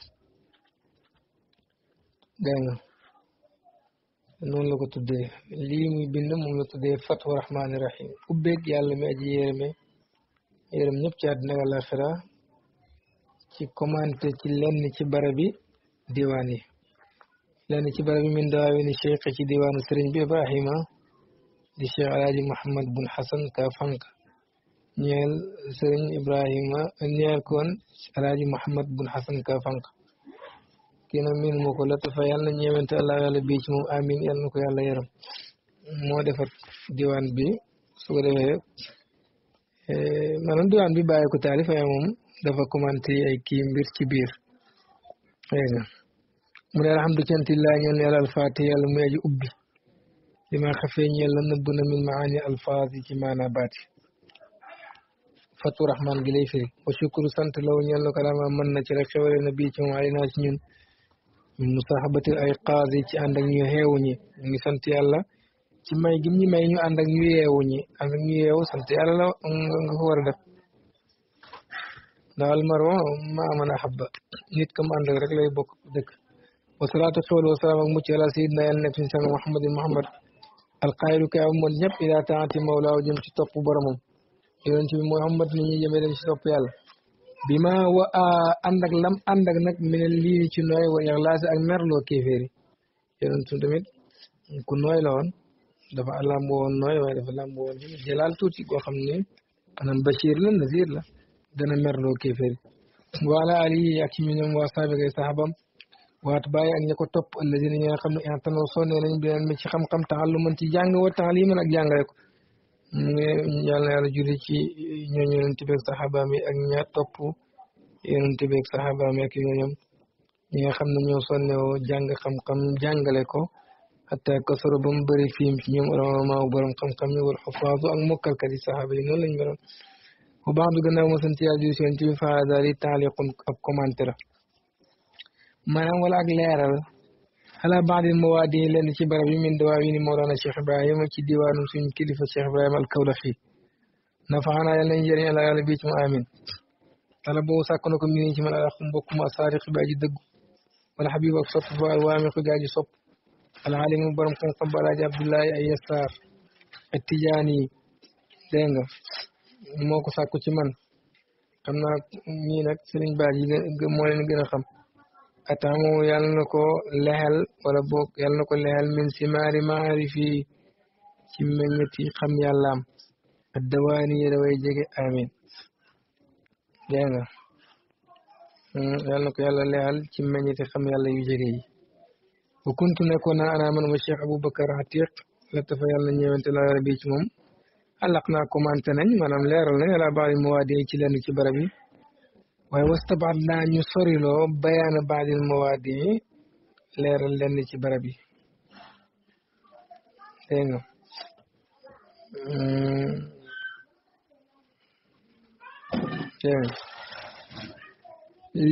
dégg nga noonu la ko tuddee lii muy bind moom la tuddee fatwa rahmaani rahim ubbeeg yàlla mi aji yérëme yërëm ñëpp ci àddina ak àlaxira ci commenté ci lenn ci barabi diwaan yi lenn ci barabi min dawaawi ni cheikh ci diwaanu sëriñ bi ibrahima di cheikh alaaji muhammad bun xasan ka fanka ñeel sëriñ ibrahima ñeel koon alaaji muhammad bun xasan ka fanka miskina miin moo ko latafa yàlla na ñeewante allah yàlla bii ci amin yàlla na ko yàlla yaram moo defar diwaan bi su ko defee eh, maanaam bi bàyyi ko taalif ay moom dafa commenté ay kii mbir ci biir dégg nga mu ne alhamdu cantillah ñeel ne alfatiha yàlla muy aji ubbi li ma xafee ñeel la nëbb na min maani alfaaz yi ci gi lay firi wa shukru sant law ñeel na ko man na ci na bii ci moom ali naa ci من مصاحبة الأيقاظ تي عندك نيو هيوني نيو سنتي الله تي ماي جيم ني ماي نيو عندك نيو هيوني عندك نيو هيو سنتي الله نغ هور دا دال مرو ما من احب نيت كم عندك رك لاي بوك دك والصلاة والسلام والسلام على مجي على سيدنا النبي صلى محمد محمد القائل كعم النب إذا تعطي مولاه جمت تقو برمو يونتي محمد ني جمي دا شي توك يالله بما و عندك لم عندك نك من اللي نتي نوي و يغلاس اك مرلو كيفيري يونس تميت كو نوي لون دا فا لام و نوي و دا فا لام و جلال توتي كو خامني انا بشير لا نذير لا دا نا مرلو كيفيري وعلى علي اك مين و صاحبك صاحبم و اتباي اك نكو توب الذين نيو خامني ان تنو سوني لا نبي ما سي خام خام تعلم انت جانغ و تعليم لا جانغ ريكو ñu ngi ñaan yàlla julli ci ñooñu yonente bi ak saxaba mi ak ñaa topp yonent beeg saxaabaam ak ñooñam ñi nga xam ne ñoo sonnewoo jàng xam-xam jàngale ko xatta kasoro ba mu bëri fiim ci ñoom ulamaaw borom xam-xam yi wal xufaadu ak mokkalkat yi saxaaba yi noonu lañ meloon bu baax du gannaaw ma sant yàlla di seen ci faadaal yi taaliqun ab commentaire maanaam wala ak leeral ala baadi mawaadi yi lenn ci barab yi min dawaa yi ni Mawlana Cheikh Ibrahima ci diwaanu suñu kilifa Cheikh Ibrahima al Kawlaxi nafaanaa yàlla nañ jëriñ ala yàlla bii ci mu amin talab boobu sàkk na ko mi ci man alaxum mbokkum asaariq bi aji dëggu wala xabib ak sopp ba alwaami ko gaaji sopp alxaalimu borom xam-xam ba alaaji abdullahi ay yasaar attijaani dégg nga moo ko sàkku ci man xam naa ñii nag sëriñ baaj yi moo leen gën a xam ataamu yàlla na ko lexel wala boog yàlla na ko lexel min simaari maarifi ci meññeti xam yàllaam addawaani daway jege amin dégg nga hmm, yàlla na ko yàlla leexal ci meññiti xam yàlla yu jege yi bu kuntu nekkoon naa ana man ma cheikh aboubacar atiq la tafa yàlla ñëwante la rabi ci moom àllaq naa commenté nañ maanaam leeral nañ ala baadi mawaadi ci lenn ci barab yi waaye wastabaat naa ñu soriloo bayaana baadil mawaadi leeral lenn ci bara yi dégg nga hmm.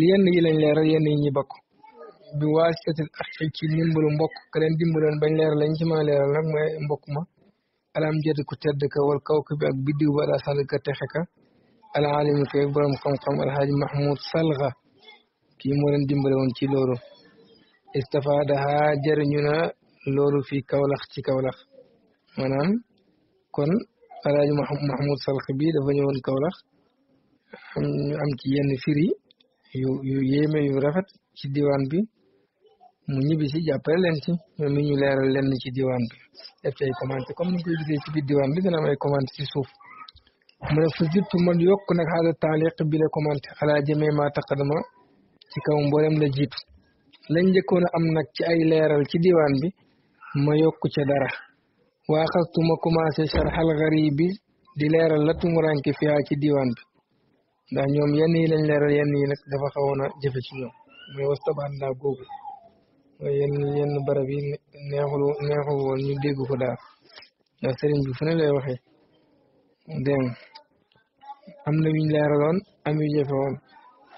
yenn yi lañ leeral yenn yi ñi bokk bi waasitatil axi ci ndimbalu mbokk ka leen dimbaloon bañ leeral lañ ci mën a leeral nag mooy mbokk ma alam jëdd ku tedd ka wal kaw ka bi ak biddiw ba ala sàll ka texe ka ala alimi koy borom xam-xam alxaaji mahmoud salga kii moo leen dimbale woon ci loolu istafadaha jëriñu na loolu fii kawlax ci kawlax maanaam kon alxaaji mahmoud salga bi dafa ñëwoon kawlax am ci yenn firi yu yu yu rafet ci diwaan bi mu ñibbi si jàppale leen ci ñoom ñu leeral leen ci diwaan bi def ci ay commenté comme ni koy ci biir diwaan bi dena am ay commenté ci suuf mu ne fa surtout man yokk nag xaala taaliq bi la commenté xalaa jëmee maa taqadama ci kaw mboolem la jiitu lañ njëkkoon a am nag ci ay leeral ci diwaan bi ma yokk ca dara waa xastuma commencé charxal xari bi di leeral la tumuranke fiyaa ci diwaan bi ndax ñoom yenn yi lañ leeral yenn yi nag dafa xawoon a jafe ci ñoom mooy wastabaat naa googu mooy yenn yenn barab yi neexul neexul woon ñu dégg ko daal ndax sëriñ bi fu ne lay waxee dégg am na yuñ leeraloon am yu jafe woon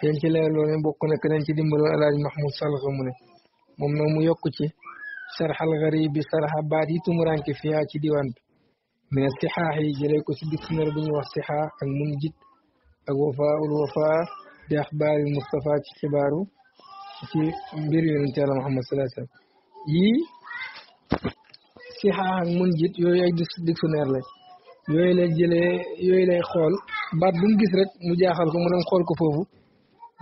yéen ci leeraloon ne bokk na keneen ci dimbaloon El Hadj Mahmoud Salga mu ne moom nag mu yokk ci sarxal gariib bi sarxa baat yi tumuranke fiyaa ci diwaan bi mais sixaax yi jëlee ko si dictionnaire bi ñuy wax sixaax ak mun jit الوفاء والوفاء في أخبار المصطفى كبارو في بير يونتي على محمد صلى الله عليه وسلم يي سيحا من جيت يو يي ديس ديس نير لا يوي لا جيلي يوي لاي خول بات بوم غيس رك مو جاخال كو مودم خول كو فوفو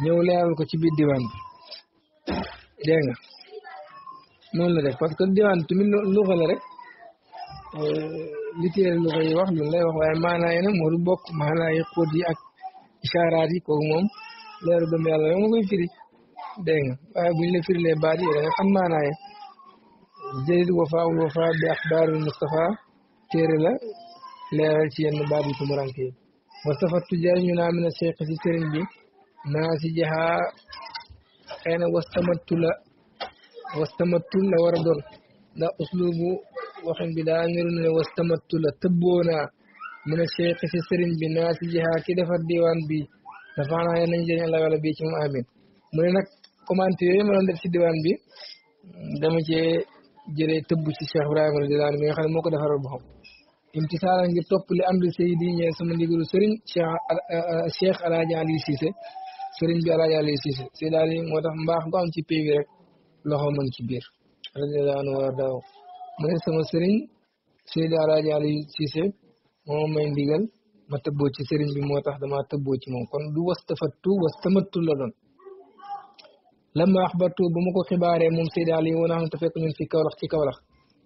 نيو ليرال كو سي بيت ديوان دينغ نون لا ديك باسكو ديوان تمي لوغا لا رك ليتيرال لوغا يي واخ نون لاي واخ واي مانا ينا مورو بوك مانا يي خودي اك isaaraat yi kooku moom leeru doomu yàlla la ma koy firi dégg nga waaye buñ la firilee baat yi da nga xam maanaa ye jëlit wafaawul wafa bi axbaarul Mustafa téere la leeral ci yenn baat yi tumurank yi Mustafa tujaay ñu naa mën a seeq si sëriñ bi naa si jaxaa xëy na wastamattu la wastamattu la war a doon ndax uslubu waxin bi daa niru ne wastamattu la tëbboonaa mu ne cheikh si bi naa si jihaa ki defar diwaan bi dafaanaa ye nañ jëriñ àlla wàlla bi ci mu amin mu ne nag commenté yooyu ma def si diwaan bi dama cee jëlee tëbb ci cheikh ibrahima radiyallaahu anhu mi nga xam ne moo ko defaral boppam imtisaala ngir topp li am di seydi ñee sama ndigalu sëriñ cheikh euh, cheikh alaaji aliou siise sëriñ bi alaaji aliou siise seydi moo tax mbaax gu am ci pay bi rek loxo mën ci biir radiyallaahu anhu war daaw mu ne sama sëriñ seydi alaaji aliou siise moo may ndigal ma tëbboo ci sëriñ bi moo tax dama tëbboo ci moom kon du wastafattu wastamattu la doon lamma axbartu ba ma ko xibaaree moom Seydi Ali wa nahnu te fekk ñun fi kawlax ci kawlax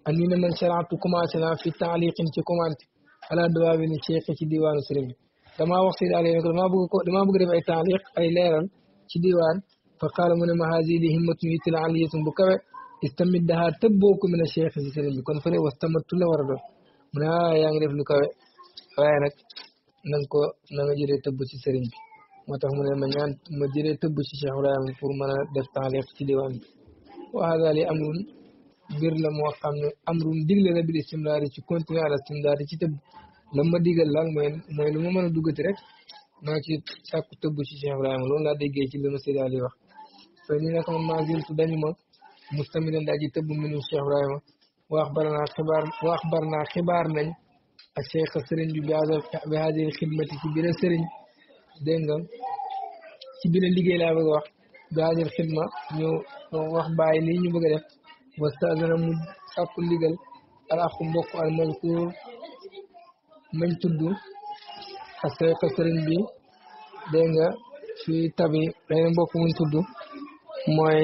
ani na man sharatu commencé naa fi taaliqin ci commenté ala dawaa bi ni cheikh ci diwaanu sëriñ bi damaa wax Seydi Ali ne ko damaa bëgg ko damaa bëgg def ay taaliq ay leeral ci diwaan fa qaala mu ne ma haasi li himmatun yittila aliyatum bu kawe istamiddaha tëbboo ko min a cheikh si sëriñ bi kon fële wastamattu la war a doon mu ne yaa ngi def lu kawe waaye nag na ko na nga de tëbb ci sëriñ bi moo tax mu ne ma ñaan ma jëlee tëbb ci Cheikh Ibrahima pour mën a def taaliq ci diwaan bi waa daal yi amrun mbir la moo xam ne amrun digle la bil istimraari ci continuer àla istimraari ci tëbb la ma digal laal mooy mooy lu ma mën a duggati rek na ci sàkku tëbb ci Cheikh Ibrahima loolu laa déggee ci li ma Seydi Ali wax so ni nag man maa giltu dañu ma mustamilan daa ji tëbb minu Cheikh Ibrahima wa bar naa xibaar waax bar naa xibaar nañ الشيخ سرين بهذا بهذه الخدمة كبيرة سرين دينغام كبيرة اللي جاي لها بقى بهذه الخدمة نو واحد باي لي نو بقدر واستأذن مد سب اللي قال أنا أخم بقى المذكور من تدو الشيخ سرين بي دينغا في تبي بين بقى من تدو ماي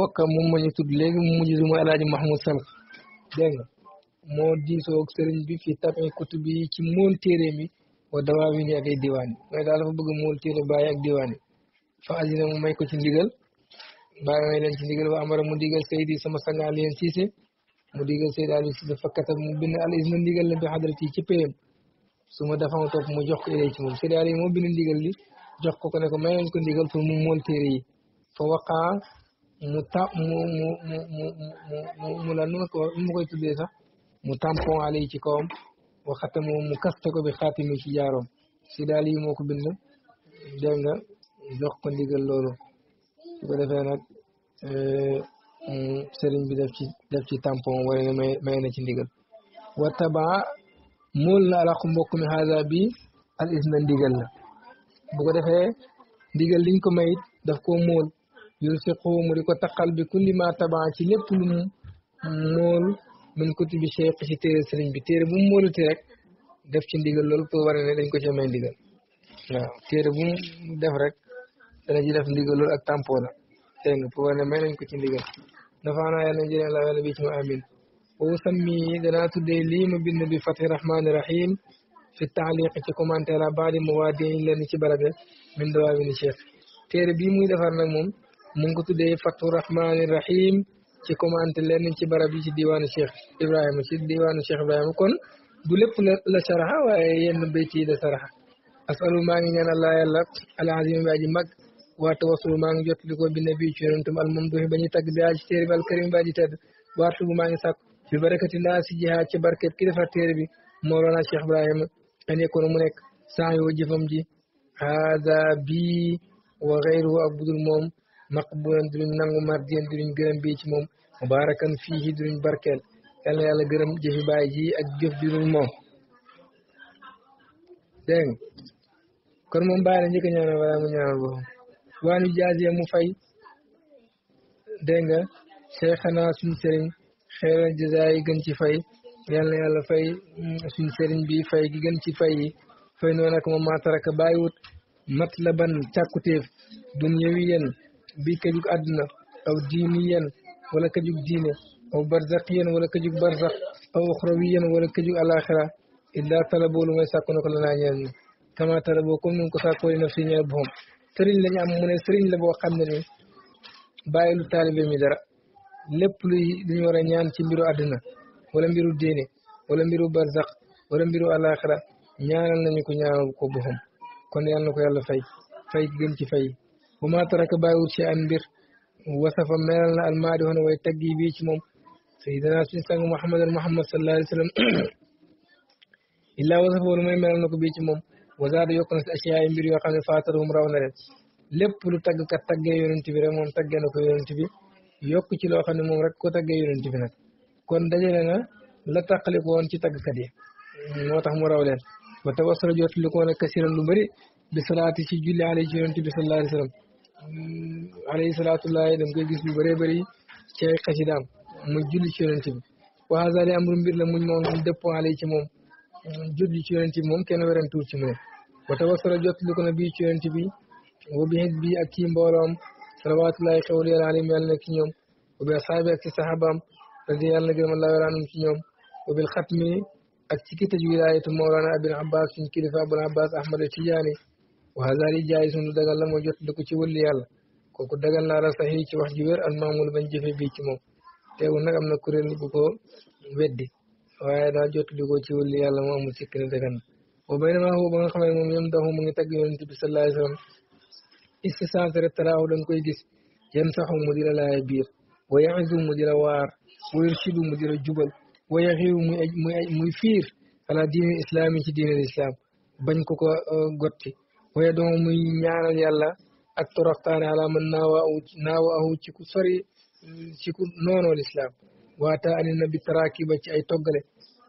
بقى مم من تدو ليه مم جزء من محمود سلك دينغام moo diisoo ak bi fi tamit kutub bi ci mool téere mi wa dawaa wi ni ak diwaan yi mooy daal dafa bëgg mool bàyyi ak diwaan yi fa asina mu may ko ci ndigal bàyyi may leen ci wa amara mu digal Seydi sama sang Alioune Cissé mu digal Seydi Alioune Cissé fakkatam mu bind al isma ndigal la bi xadrati ci payam su ma dafa ma mu jox ko ilay ci moom Seydi Alioune moo bind ndigal li jox ko ko ne ko may leen ko ndigal pour mu mool téere yi fa waqaa mu ta mu mu mu mu mu koy tuddee sax mu tampon alay ci kawam wa khatamu mu kaste ko bi khatimi ci yarom ci dal yi moko bind de nga jox ko ndigal lolu su ko nak euh sëriñ bi def ci def ci tampon way ne may na ci ndigal wa tabaa muul na alaqu mbokk mi xaasa bi al izna ndigal la bu ko defé ndigal liñ ko mayit daf ko mol yul mu di takal bi kulli ma taba ci lépp lu mu muul min kutubi cheikh si téere sëriñ bi téere bu mu móoluti rek def ci ndigal loolu pour war ne dañ ko ci may ndigal waaw téere bu mu def rek dana ci def ndigal loolu ak tampona dégg nga pour war ne may nañ ko ci ndigal nafaanaa yàlla na jëlee la yàlla bi ci ma amin wou sammi danaa tuddee lii ma bind bi fati rahmaani rahim fi taaliq ci commentaire a baadi mawaadi leen ci barabe min dawaa bi ni cheikh téere bii muy defar nag moom mu ngi ko tuddee fatu rahmaani rahim ci commenté lenn ci barab yi ci diwaanu Cheikh Ibrahima ci diwaanu Cheikh Ibrahima kon du lépp la la saraxa waaye yenn béyt yi la saraxa asalu maa ngi ñaan allah yàlla al azim baa ji mag waata wasulu maa ngi jot li bi nabi ci yonentum al mamduhi ba ñu bi ci téere bi karim baa tedd waatu bu maa ngi sàkk bi barakati laa si jihaad ci barkeb ki defar téere bi moolana Cheikh Ibrahima ane kon mu nekk saa yoo jëfam ji haada bii wa xayruhu ak budul maqbulan duñ nangu mardiyan duñ gërëm bii ci moom mubarakan fiihi duñ barkeel yal na yàlla gërëm jëfi baay ji ak jëf ju dul moom dégg kon moom baay la njëkk a ñaanal wala mu ñaanal boobu waa nu jaasiya mu fay dégg nga cheikhana suñ sëriñ gën ci fay yal na yàlla fay mm, bi fay gi gën ci fay yi fay noonu ak moom maataraka bàyyiwut matlaban càkkutéef dun yowi yéen bi ka jug àdduna aw diiniyan wala ka jug diine aw barzaqiyan wala ka jug barzax aw uxrawiyan wala ka jug alaxira illaa talaboo lu may sàkku na ko la naa ñeel ñu kama talaboo comme ni ko sàkkoo li naf si ñeel sëriñ lañu am mu ne sëriñ la boo xam ne ni bàyyi lu taalibe mi dara lépp luy luñu war ñaan ci mbiru àdduna wala mbiru diine wala mbiru barzax wala mbiru alaxira ñaanal nañu ko ñaanal ko boxam kon yàlla ko yàlla fay fay gën ci fay وما ترك بايو شيئا بير وصف ملنا المادي هنا ويتقي بيش موم سيدنا سنسان محمد محمد صلى الله عليه وسلم إلا وصف ورمي ملنا بيش موم وزاد يوكنس أشياء بير يوكنس فاتر هم راونا رأس لب بلو تقو كتقى يورن تبير مون تقى نكو يورن تبير يوكو تلو خاني موم رأس كو تقى يورن تبير كون دجل لنا لا تقلق وان تي تقى كدية موتح مراولين وتوصل جوت لكونا كثيرا لبري بصلاة سجل عليه يورن تبير الله عليه وسلم عليه الصلاة والسلام دم كي جسم بري بري شيء قصيدام مجد شيرن تيم وهذا لي أمر بير لم يمون من دب عليه عليه تيم مجد شيرن تيم مم كنا بيرن تور تيم وتوسط رجعت لكم نبي شيرن تيم وبيهد بي أكيم بارام صلوات الله خوري على عليهم يالنا كنيوم وبأصحاب أكثر رضي الله عنهم الله ورانهم كنيوم وبالختم أكتيكي تجويل آية مولانا أبن عباس من كلفة أبن عباس أحمد التجاني wahazaali jaay sunu dagal la moo jot dëkku ci wëlli yàlla kooku dagal naa la saxi ci wax ji wér almaamul bañ jëfe bii ci moom teewul nag am na kuréel bu ko weddi waaye daa jot di ci wëlli yàlla mu amul sikk ne dagan na boo bay damaa xoo ba nga xam ne moom mu ngi tagg yonent bi sallallahu alayhi wasallam istisansere taraaw da koy gis yan saxu mu di la biir wa yaxisu mu di waar wa yurshidu mu di jubal wa yaxiwu muy muy muy fiir ala diini islaami ci islam bañ ko ko uh, gotti waaye dama muy ñaanal yàlla ak toroxtaane ala man naawa aw naawa aw ci ku sori ci ku noonoo lislaam waata ani na bi taraakiba ci ay toggale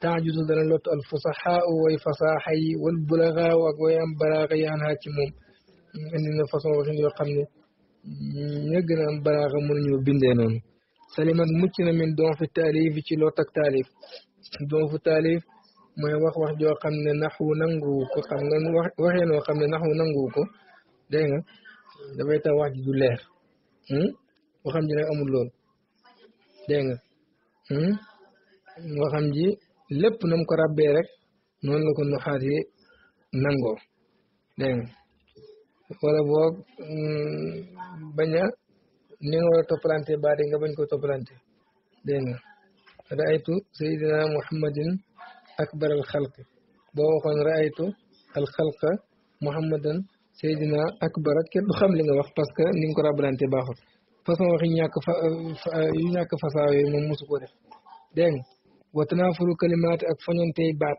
taajusu dana lott al fusaxaa way fasaaxa yi wal bulaxaaw ak way am baraaxa yi an ci moom indi na façon waxin yoo xam ne ña gën a am baraaxa mënuñoo bindee noonu salimat mucc na min don fi taalif ci lott ak taalif don fu taalif mooy wax wax joo xam ne naxu nanguwu ko xam nga waxee xam ne naxu nanguwu ko dégg nga ta tax wax ji du leer hmm? waxam ji nag amul lool dégg nga hmm? waxam ji lépp na ko ràbbee rek noonu la ko nuxaat yi wala boog hmm, bañ a ni nga war a bañ ko toppalante dégg nga ra'aytu sayyidina muhammadin أكبر الخلق بوخن رأيت الخلق محمدا سيدنا أكبر كي بخم لنا وقت بس كن نقرا بلان تباهر فصل وقين ياك فا ياك فصاوي من مسكورة دين وتنافر كلمات أكفنون تي بعد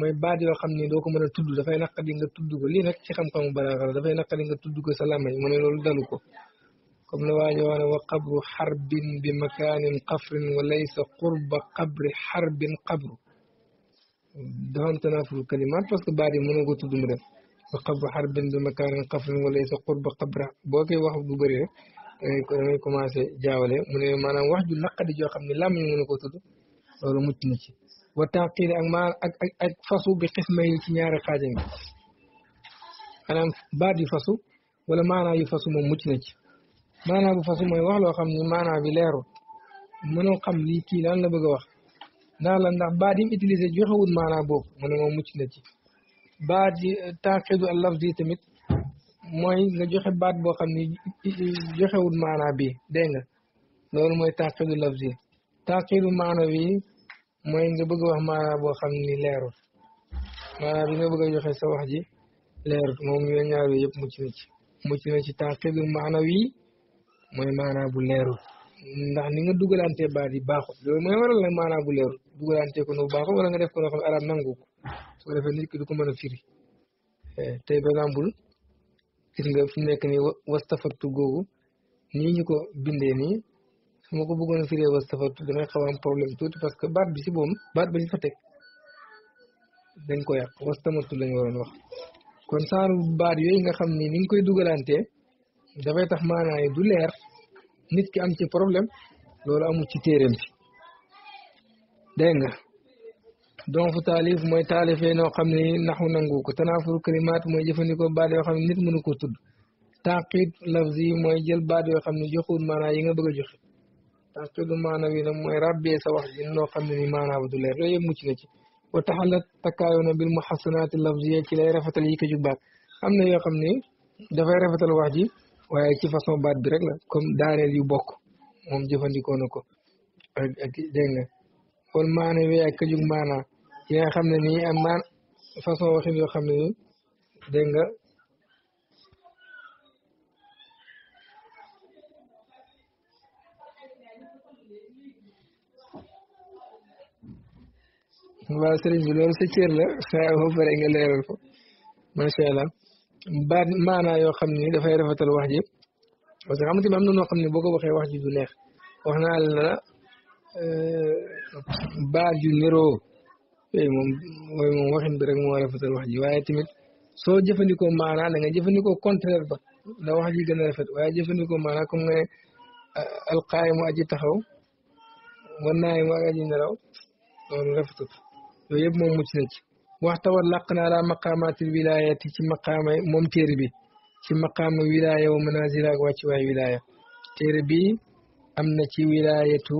ما بعد يا خم ندو كم أنا تدو دفعي نقد ينقد تدو قولي نك شيء خم كم برا غلا دفعي نقد ينقد تدو قولي سلام يا من يلول دلوكو كم لوا وقبر حرب بمكان قفر وليس قرب قبر حرب قبر دانت نافل الكلمات بس كباري منو قط دمرة قبر حرب عند مكان قفر ولا إذا قرب قبر بوكي واحد دبرة كم هذا جاوله من ما أنا واحد لقد جاء خم نلام منو قط دم ولا متنشي وتعقيد أما فصو بقسم ينتنيار قادم أنا بعد فصو ولا ما أنا يفصو من متنشي ما أنا بفصو ما يوحلو خم ما أنا بليرو منو خم ليكي لأن بقى naa la ndax baat yi mu utilisé joxewul maanaam boobu mu ne moom mucc na ci baat yi euh, taaxidu al lafz yi tamit mooy nga joxe baat boo xam ne euh, joxewul maanaam bi dégg nga loolu mooy taaxidu lafz yi taaxidu maanaam bi mooy nga bëgg wax maanaam boo xam ni leerul maanaam bi nga bëgg a joxe sa wax ji leerut moom yooyu ñaar yooyu yëpp mucc na ci mucc na ci taaxidul maanawi mooy maanaa bu leerul ndax ni nga dugalante baat yi baaxul loolu mooy waral nag maanaam bu leerul dugalante ko no baaxul wala nga def ko noo xam arab nangu ko su ko defee nit ki du ko mën a firi eh, tey par nga fi mu nekk nii wastafatu googu ni ñu ko bindee nii su ma ko bëggoon a firee wastafatu damay xaw a problème tuuti parce que baat bi si boom baat ba ñu fa teg dañ ko yàq wastamatu lañ waroon wax kon saaru baat yooyu nga xam ni ni koy dugalante dafay tax maanaa yi du leer nit ki am ci problème loolu amul ci téeréem ci dégg nga donc taalif mooy taalifee noo xam ne naxu nangu ko tanaafuru kalimaat mooy jëfandikoo baat yoo xam ne nit mënu ko tudd taqid lafzi yi mooy jël baat yoo xam ne joxul maanaa yi nga bëgg a joxe tànqitu maana wi nag mooy ràbbee sa wax ji noo xam ne ni maanaa ba du leer loolu yëpp mucc na ci wa taxalat takkaayoon na bil muhassanaati lafziya ci lay rafetal yi ko jug baat am na yoo xam ne dafay rafetal wax ji waaye ci façon baat bi rek la comme daaneel yu bokk moom jëfandikoo na ko ak dégg nga wal maana maana yi nga xam ne nii am façon waxin yoo xam ne ni dégg nga waaw sëriñ sa cër la saa ba pare nga leeral ko macha بعد ما انا يو خمني دا فاي رفتال وحجي بس خمتي ما منو خمني بوكو بخي وحجي دو نيخ وحنا لا بعد يو نيرو اي مو مو وحن برك مو رفتال وحجي واي تيميت سو جيفانديكو مانا دا نغا جيفانديكو كونترير با لا وحجي گنا رفت واي جيفانديكو مانا كوم نغا القائم اجي تخاو ونا يما نراو لون رفتو يو يب waxtawat làq na ala maqaamaatil wilaayati ci maqaama moom téere bi ci maqaama wilaaya wa manazira ak wàccuwaay wilaaya téere bi am na ci wilaayatu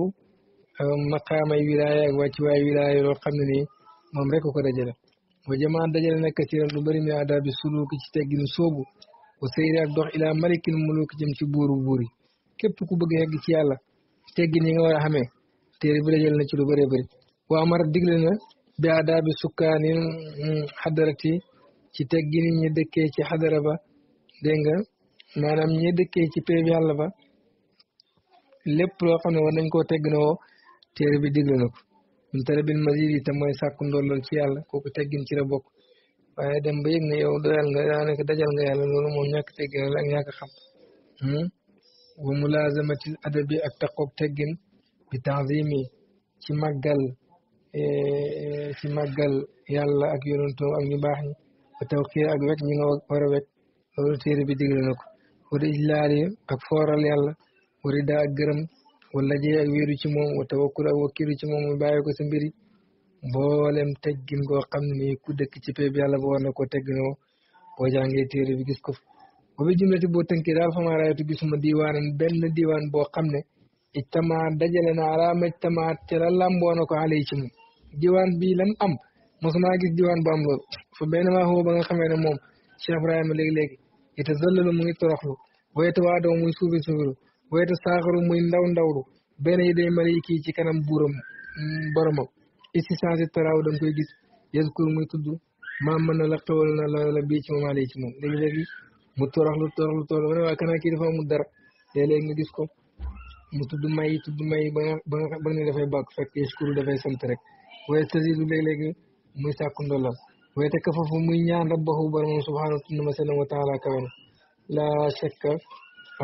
euh, maqaamay wilaaya ak waay wilaaya loo xam ne ni moom rek ko dajale wa jamaa dajale na kasiran lu bëri min adaabi suluki ci teggin soobu wa seyri ak dox ilaa malikin muluk jëm ci buuru buur yi képp ku bëgg yegg ci yàlla teggin yi nga war a xamee téere bi dajale na ci lu bëree wa amara digle bi adaabi sukkaanil mm, xadarati ci teggini ñi dëkkee ci xadara ba dégg nga maanaam ñi dëkkee ci péeb yàlla ba lépp loo xam ne war nañ koo tegg na woo téere bi digle na ko um tarabil masir yi te mooy sàkku ndollal ci yàlla kooku teggin ci la bokk waaye dem ba yëg ne yow doyal nga daanaka dajal nga yàlla loolu moom ñàkk teggin la ak ñàkk xam hmm? wa mulaazamatil adabi ak taqoog teggin bi tanzimi ci màggal ci màggal yàlla ak yonantoom ak ñu baax ñi ba tawxiir ak wekk ñi nga war a wekk loolu téere bi digle na fooral yàlla wari daa ak gërëm wala jee ak wéeru ci moom wa tawakkul ak wakkiru ci moom mu bàyyi ko sa mbiri mboolem teggin goo xam ne ku dëkk ci péeb yàlla ba war na koo tegginoo boo jàngee téere bi gis ko fa boobu jumlati boo tënkee daal fama raayatu gisuma diwaanan benn diwaan boo xam ne ijtama dajale na alaama ijtama te la làmboo ko alay ci diwaan bii lan am mosuma gis diwaan bu am loolu fa benn maa xoo ba nga xamee ne moom Cheikh Ibrahima léegi-léegi ite zallalu mu ngi toroxlu wayete waadoo muy suufi suufilu wayete saaxaru muy ndaw ndaw benn yi day mali kii ci kanam buuram mm, boromam ici changé taraaw da nga koy gis yëskur muy tudd maam mën na la xewal na la la bii ci moom ali ci moom léegi-léegi mu toroxlu toroxlu toroxlu ma ne waa kanaa kii dafa amul dara léeg-léeg nga gis ko mu tudd may tudd may ba nga ba nga ne dafay bàkk fekk yëskuru dafay sant rek ويستزيد ليلك لي الله ويتكفف من لي ربه برمان سبحانه لي وتعالى كبير لا شك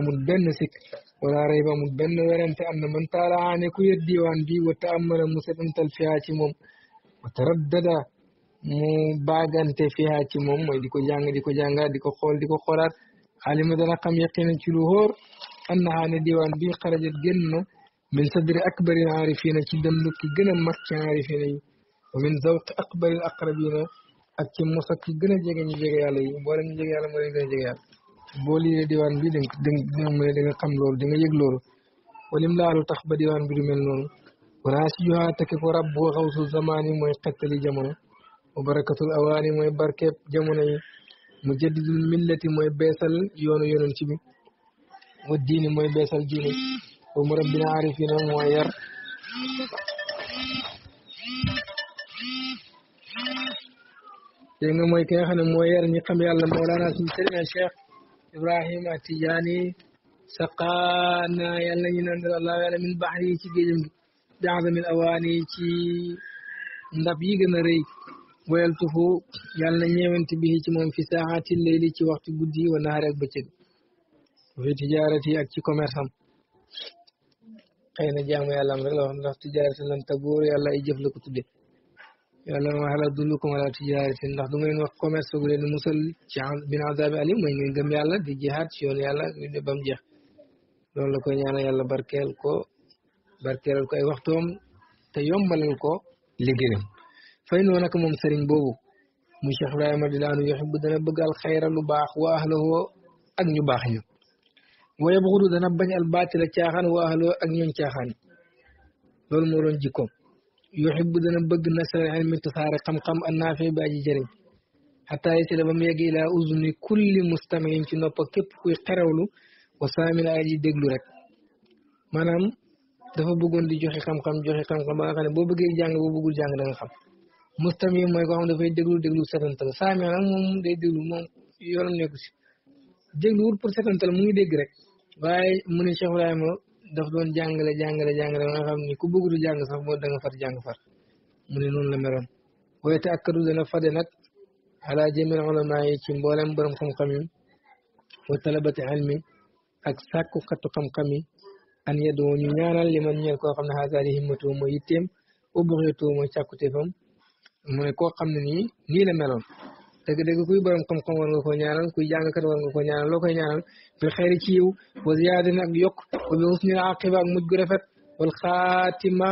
لي بن سك ولا ريب لي بن ورم تأمن من لي عنك يدي وان بي لي مسلم تلفيات مم وتردد لي باغان تي فيها تي موم موي ديكو جانغ ديكو جانغا ديكو خول ديكو خولات علم دنا خم يقين تي لوهور انها ني ديوان بي خرجت جنو min sadri akbari aarifina ci dënnu ki gën a mag ci aarifina yi wa min zawqi akbari aqrabina ak ci mosa ki gën a jege ñu jege yàlla yi boole ñu jege yàlla moo leen gën a jege yàlla boo liiree diwaan bi da nga mu ne da loolu da nga yëg loolu walim laalu tax ba di diwaan bi du noonu wala si joxaa tekki ko rab boo xawsu zamaan yi mooy xettali jamono wa barakatul awaan yi mooy barkeeb jamono yi mu jaddidul millati mooy beesal yoonu yonent ci bi wa diini mooy هم ربنا عارفين المغير لأنه ما يكون المغير نقم يالله مولانا سنسلم الشيخ إبراهيم التجاني سقانا يالله ينان الله يالله من بحري تجي دعظ من الأواني تجي ندب يغن ري ويالتوه يالله نيوان تبيه تمام في ساعات الليل تي وقت بدي ونهارك بچد في تجارتي أكي كوميرسام خينا جامع يالله مرق لهم لا تجارة لن تبور يالله إيجف لكم تدي يالله ما هلا دلوكم على تجارة لا دمين وقوم يسوي لنا مسل جان بن عذاب علي ما ينجم جامع يالله دي جهاد شيون يالله من بام جه لون لكم يانا يالله بركيل كو بركيل كو أي وقتهم تيوم بلن كو لجيم فين وانك ممسرين بو مشيخ رايما دلانو يحب دنا بقال خير لباخ واهله اك ني wa yabxudu dana bañ al baatila caaxaan wa ahloo ak ñooñ caaxaan loolu moo doon jikkoom yuxibu dana bëgg nasral ilmi tasaare xam-xam an naafi ba aji jëriñ xataa yasila ba mu yegg ilaa uzuni kulli mustamiin ci noppa képp kuy xerewlu wa saamin aji déglu rek maanaam dafa bëggoon di joxe xam-xam joxe xam-xam ba boo bëggee jàng boo bëggul jàng da nga xam mustami mooy koo xam dafay déglu déglu setantal saamin nag moom day déglu moom yoonam nekku si déglu wut pour setantal mu ngi dégg rek waaye mu ne Cheikh Ibrahima daf doon jàngale jàngale jàngale ba nga xam ni ku bëgg du jàng sax moo da nga far jàng far mu ne noonu la meroon waaye te akkadu dana fade nag ala jamil ulama yi ci mboolem borom xam-xam yi wa talabati ilmi ak sàkku xatu xam-xam yi an yeddoo ñu ñaanal li man ñeel koo xam ne xaasaar yi himmatoo mooy yitteem ubbuxeetoo mooy càkkuteefam mu ne koo xam ne nii nii dëgg-dëgg kuy borom xam-xam war nga ko ñaanal kuy jang kat war nga ko ñaanal loo koy ñaanal fi xeyri ci yiw wa ziyaadatin ak yokk wa bi husnil aqiba ak mujj gu rafet wal xaatima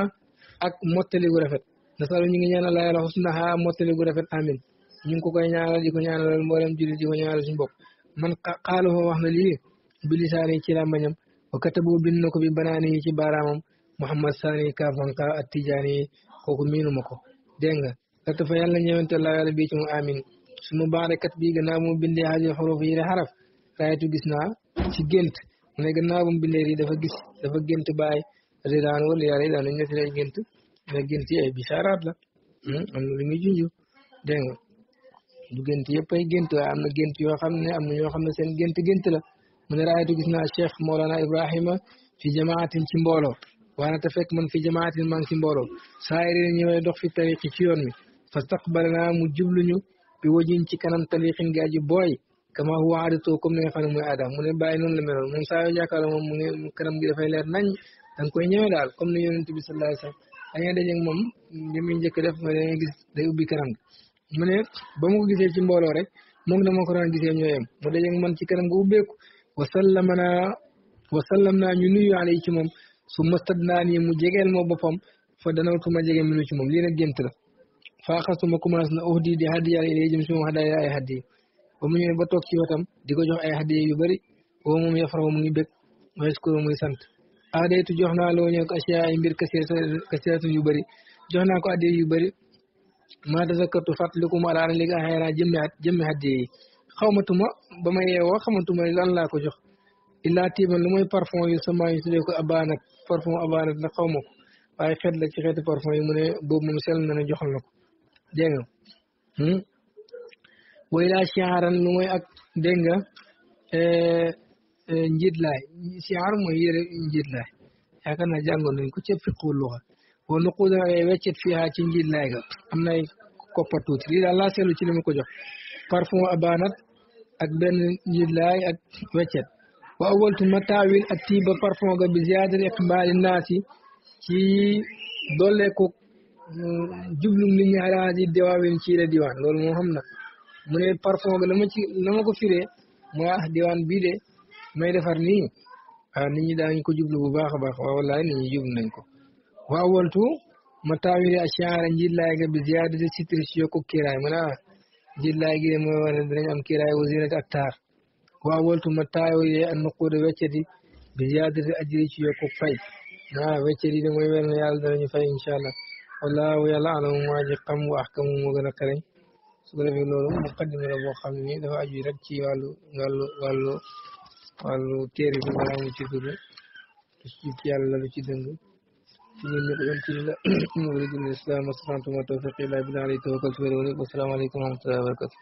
ak mottali gu rafet nasalu ñu ngi ñaanal la yàlla husnaha mottali gu rafet amin ñu ngi ko koy ñaanal di ko ñaanal mboolem jullit di ko ñaanal suñu bopp man xaalu foo wax na lii bi lisaani ci làmbañam wa katabu bin na ko bi banaani yi ci baaraamam Mouhamad Sani Kafanka at Tijaani kooku miinu ma ko dégg nga fa yàlla ñëwante la yàlla bii ci mu amin suma baarakat bi gannaaw moom bindee xaajal xorof yi ne xaraf raaytu gis naa ci gént mu ne gannaaw moom bindee yi dafa gis dafa gént bàyyi a wala yàlla yi daal ñetti lay gént ne gént yi ay bisaaraat la hmm, am na lu muy nga du yëpp ay gént waaye am na gént yoo xam ne am na yoo xam ne seen gént gént la mu ne raaytu gis naa Cheikh Maulana Ibrahima fi jamaatin ci mbooloo waaye te fekk man fi jamaatin maa ngi ci mbooloo saa yore ñëwee dox fi tariqi ci yoon mi fastaqbalnaa mu jubluñu bi wajin ci kanam tariqin gaa ji booy kama huwa adatoo comme ni nga xam ne mooy aadaam mu ne bàyyi noonu la meloon moom saa yoo jàkkaarloo moom mu kanam gi dafay leer nañ da nga koy ñëwee daal comme ni bi sallallahu alayhi ubbi kanam gi mu ne ba mu ko gisee ci mbooloo rek moom dama ko daan gisee ñooyam mu dajeeg man ci kanam gu ubbeeku wasallama naa wasallam naa ñu nuyu alay ci moom su mastad naa nii mu jegeel ma boppam fa danawtuma jege minu ci moom lii nag gént la faaxastu ma commencé na uhdi di hadiya ilay jëm si moom hadaaya ay hadiya ba mu ñëwee ba toog ci wetam di ko jox ay hadiya yu bëri boobu moom yafaraw mu ngi bég waskuru muy sant aadaytu jox naa loo ñëw asiya ay mbir kasiratun yu bëri jox naa ko hadiya yu bëri maa tasakkatu fàttaliku ma alaana léegi axeera jëmmi jëmmi hadiya yi xawmatuma ba ma yeewoo xamatuma lan laa ko jox illaa tiiban lu mooy parfum yu sama yu tuddee ko abaanat parfum abaanat nag xaw ma ko waaye xeet la ci xeeti parfum yi mu ne boobu moom sell na ne joxal na ko dégg nga way hmm? laa sihaaran mooy ak dégg nga eh, eh, njiit laay sihaar mooy yëre njiit laay yaakaar naa jàngoon nañ ko cëpp fiqu luxa wala nu xuudan ak ay ci njiit ga am nay koppa tuuti lii daal laa seetlu ci li ma ko jox parfum abaanat ak benn njiit ak weccet wa awaltu ma taawil ak tiiba parfum ga bi ziyaadati iqbaali naasi ci dolleeku jublum nit ñi alaa ji diwaawin ci la diwaan loolu moo xam na mu ne parfum ga la ma ci la ma ko firee ma ah diwaan bii de may defar nii ah nit ñi daañu ko jublu bu baax a baax waaw wallaahi nit ñi nañ ko waaw waltu ma taawiri achaara njiit laay ga bi ziyaadati sitri si yokku kiiraay mu ne ah njiit laay gi mooy wane dinañ am kiiraay wazinati ak taar waaw waltu ma taawiri an nuquuda weccati bi ziyaadati ajri ci yokku fay ah weccati de mooy wane yàlla danañu fay incha allah wallaahu yàlla alamu waa ji xam wax kamu moo gën a xereñ su ko defee loolu muqaddima la boo xam ne dafa aju rek ci wàllu wàllu wàllu wàllu téere bi wala mu ci tudd ci ci yàlla lu ci dëng ci ñun ñu ko doon ci la ñu ngi leen di nuyu asalaamaaleykum wa rahmatulah tawfiq illaa billah alayhi tawakkaltu wa salaamaaleykum wa rahmatulah wa barakatuh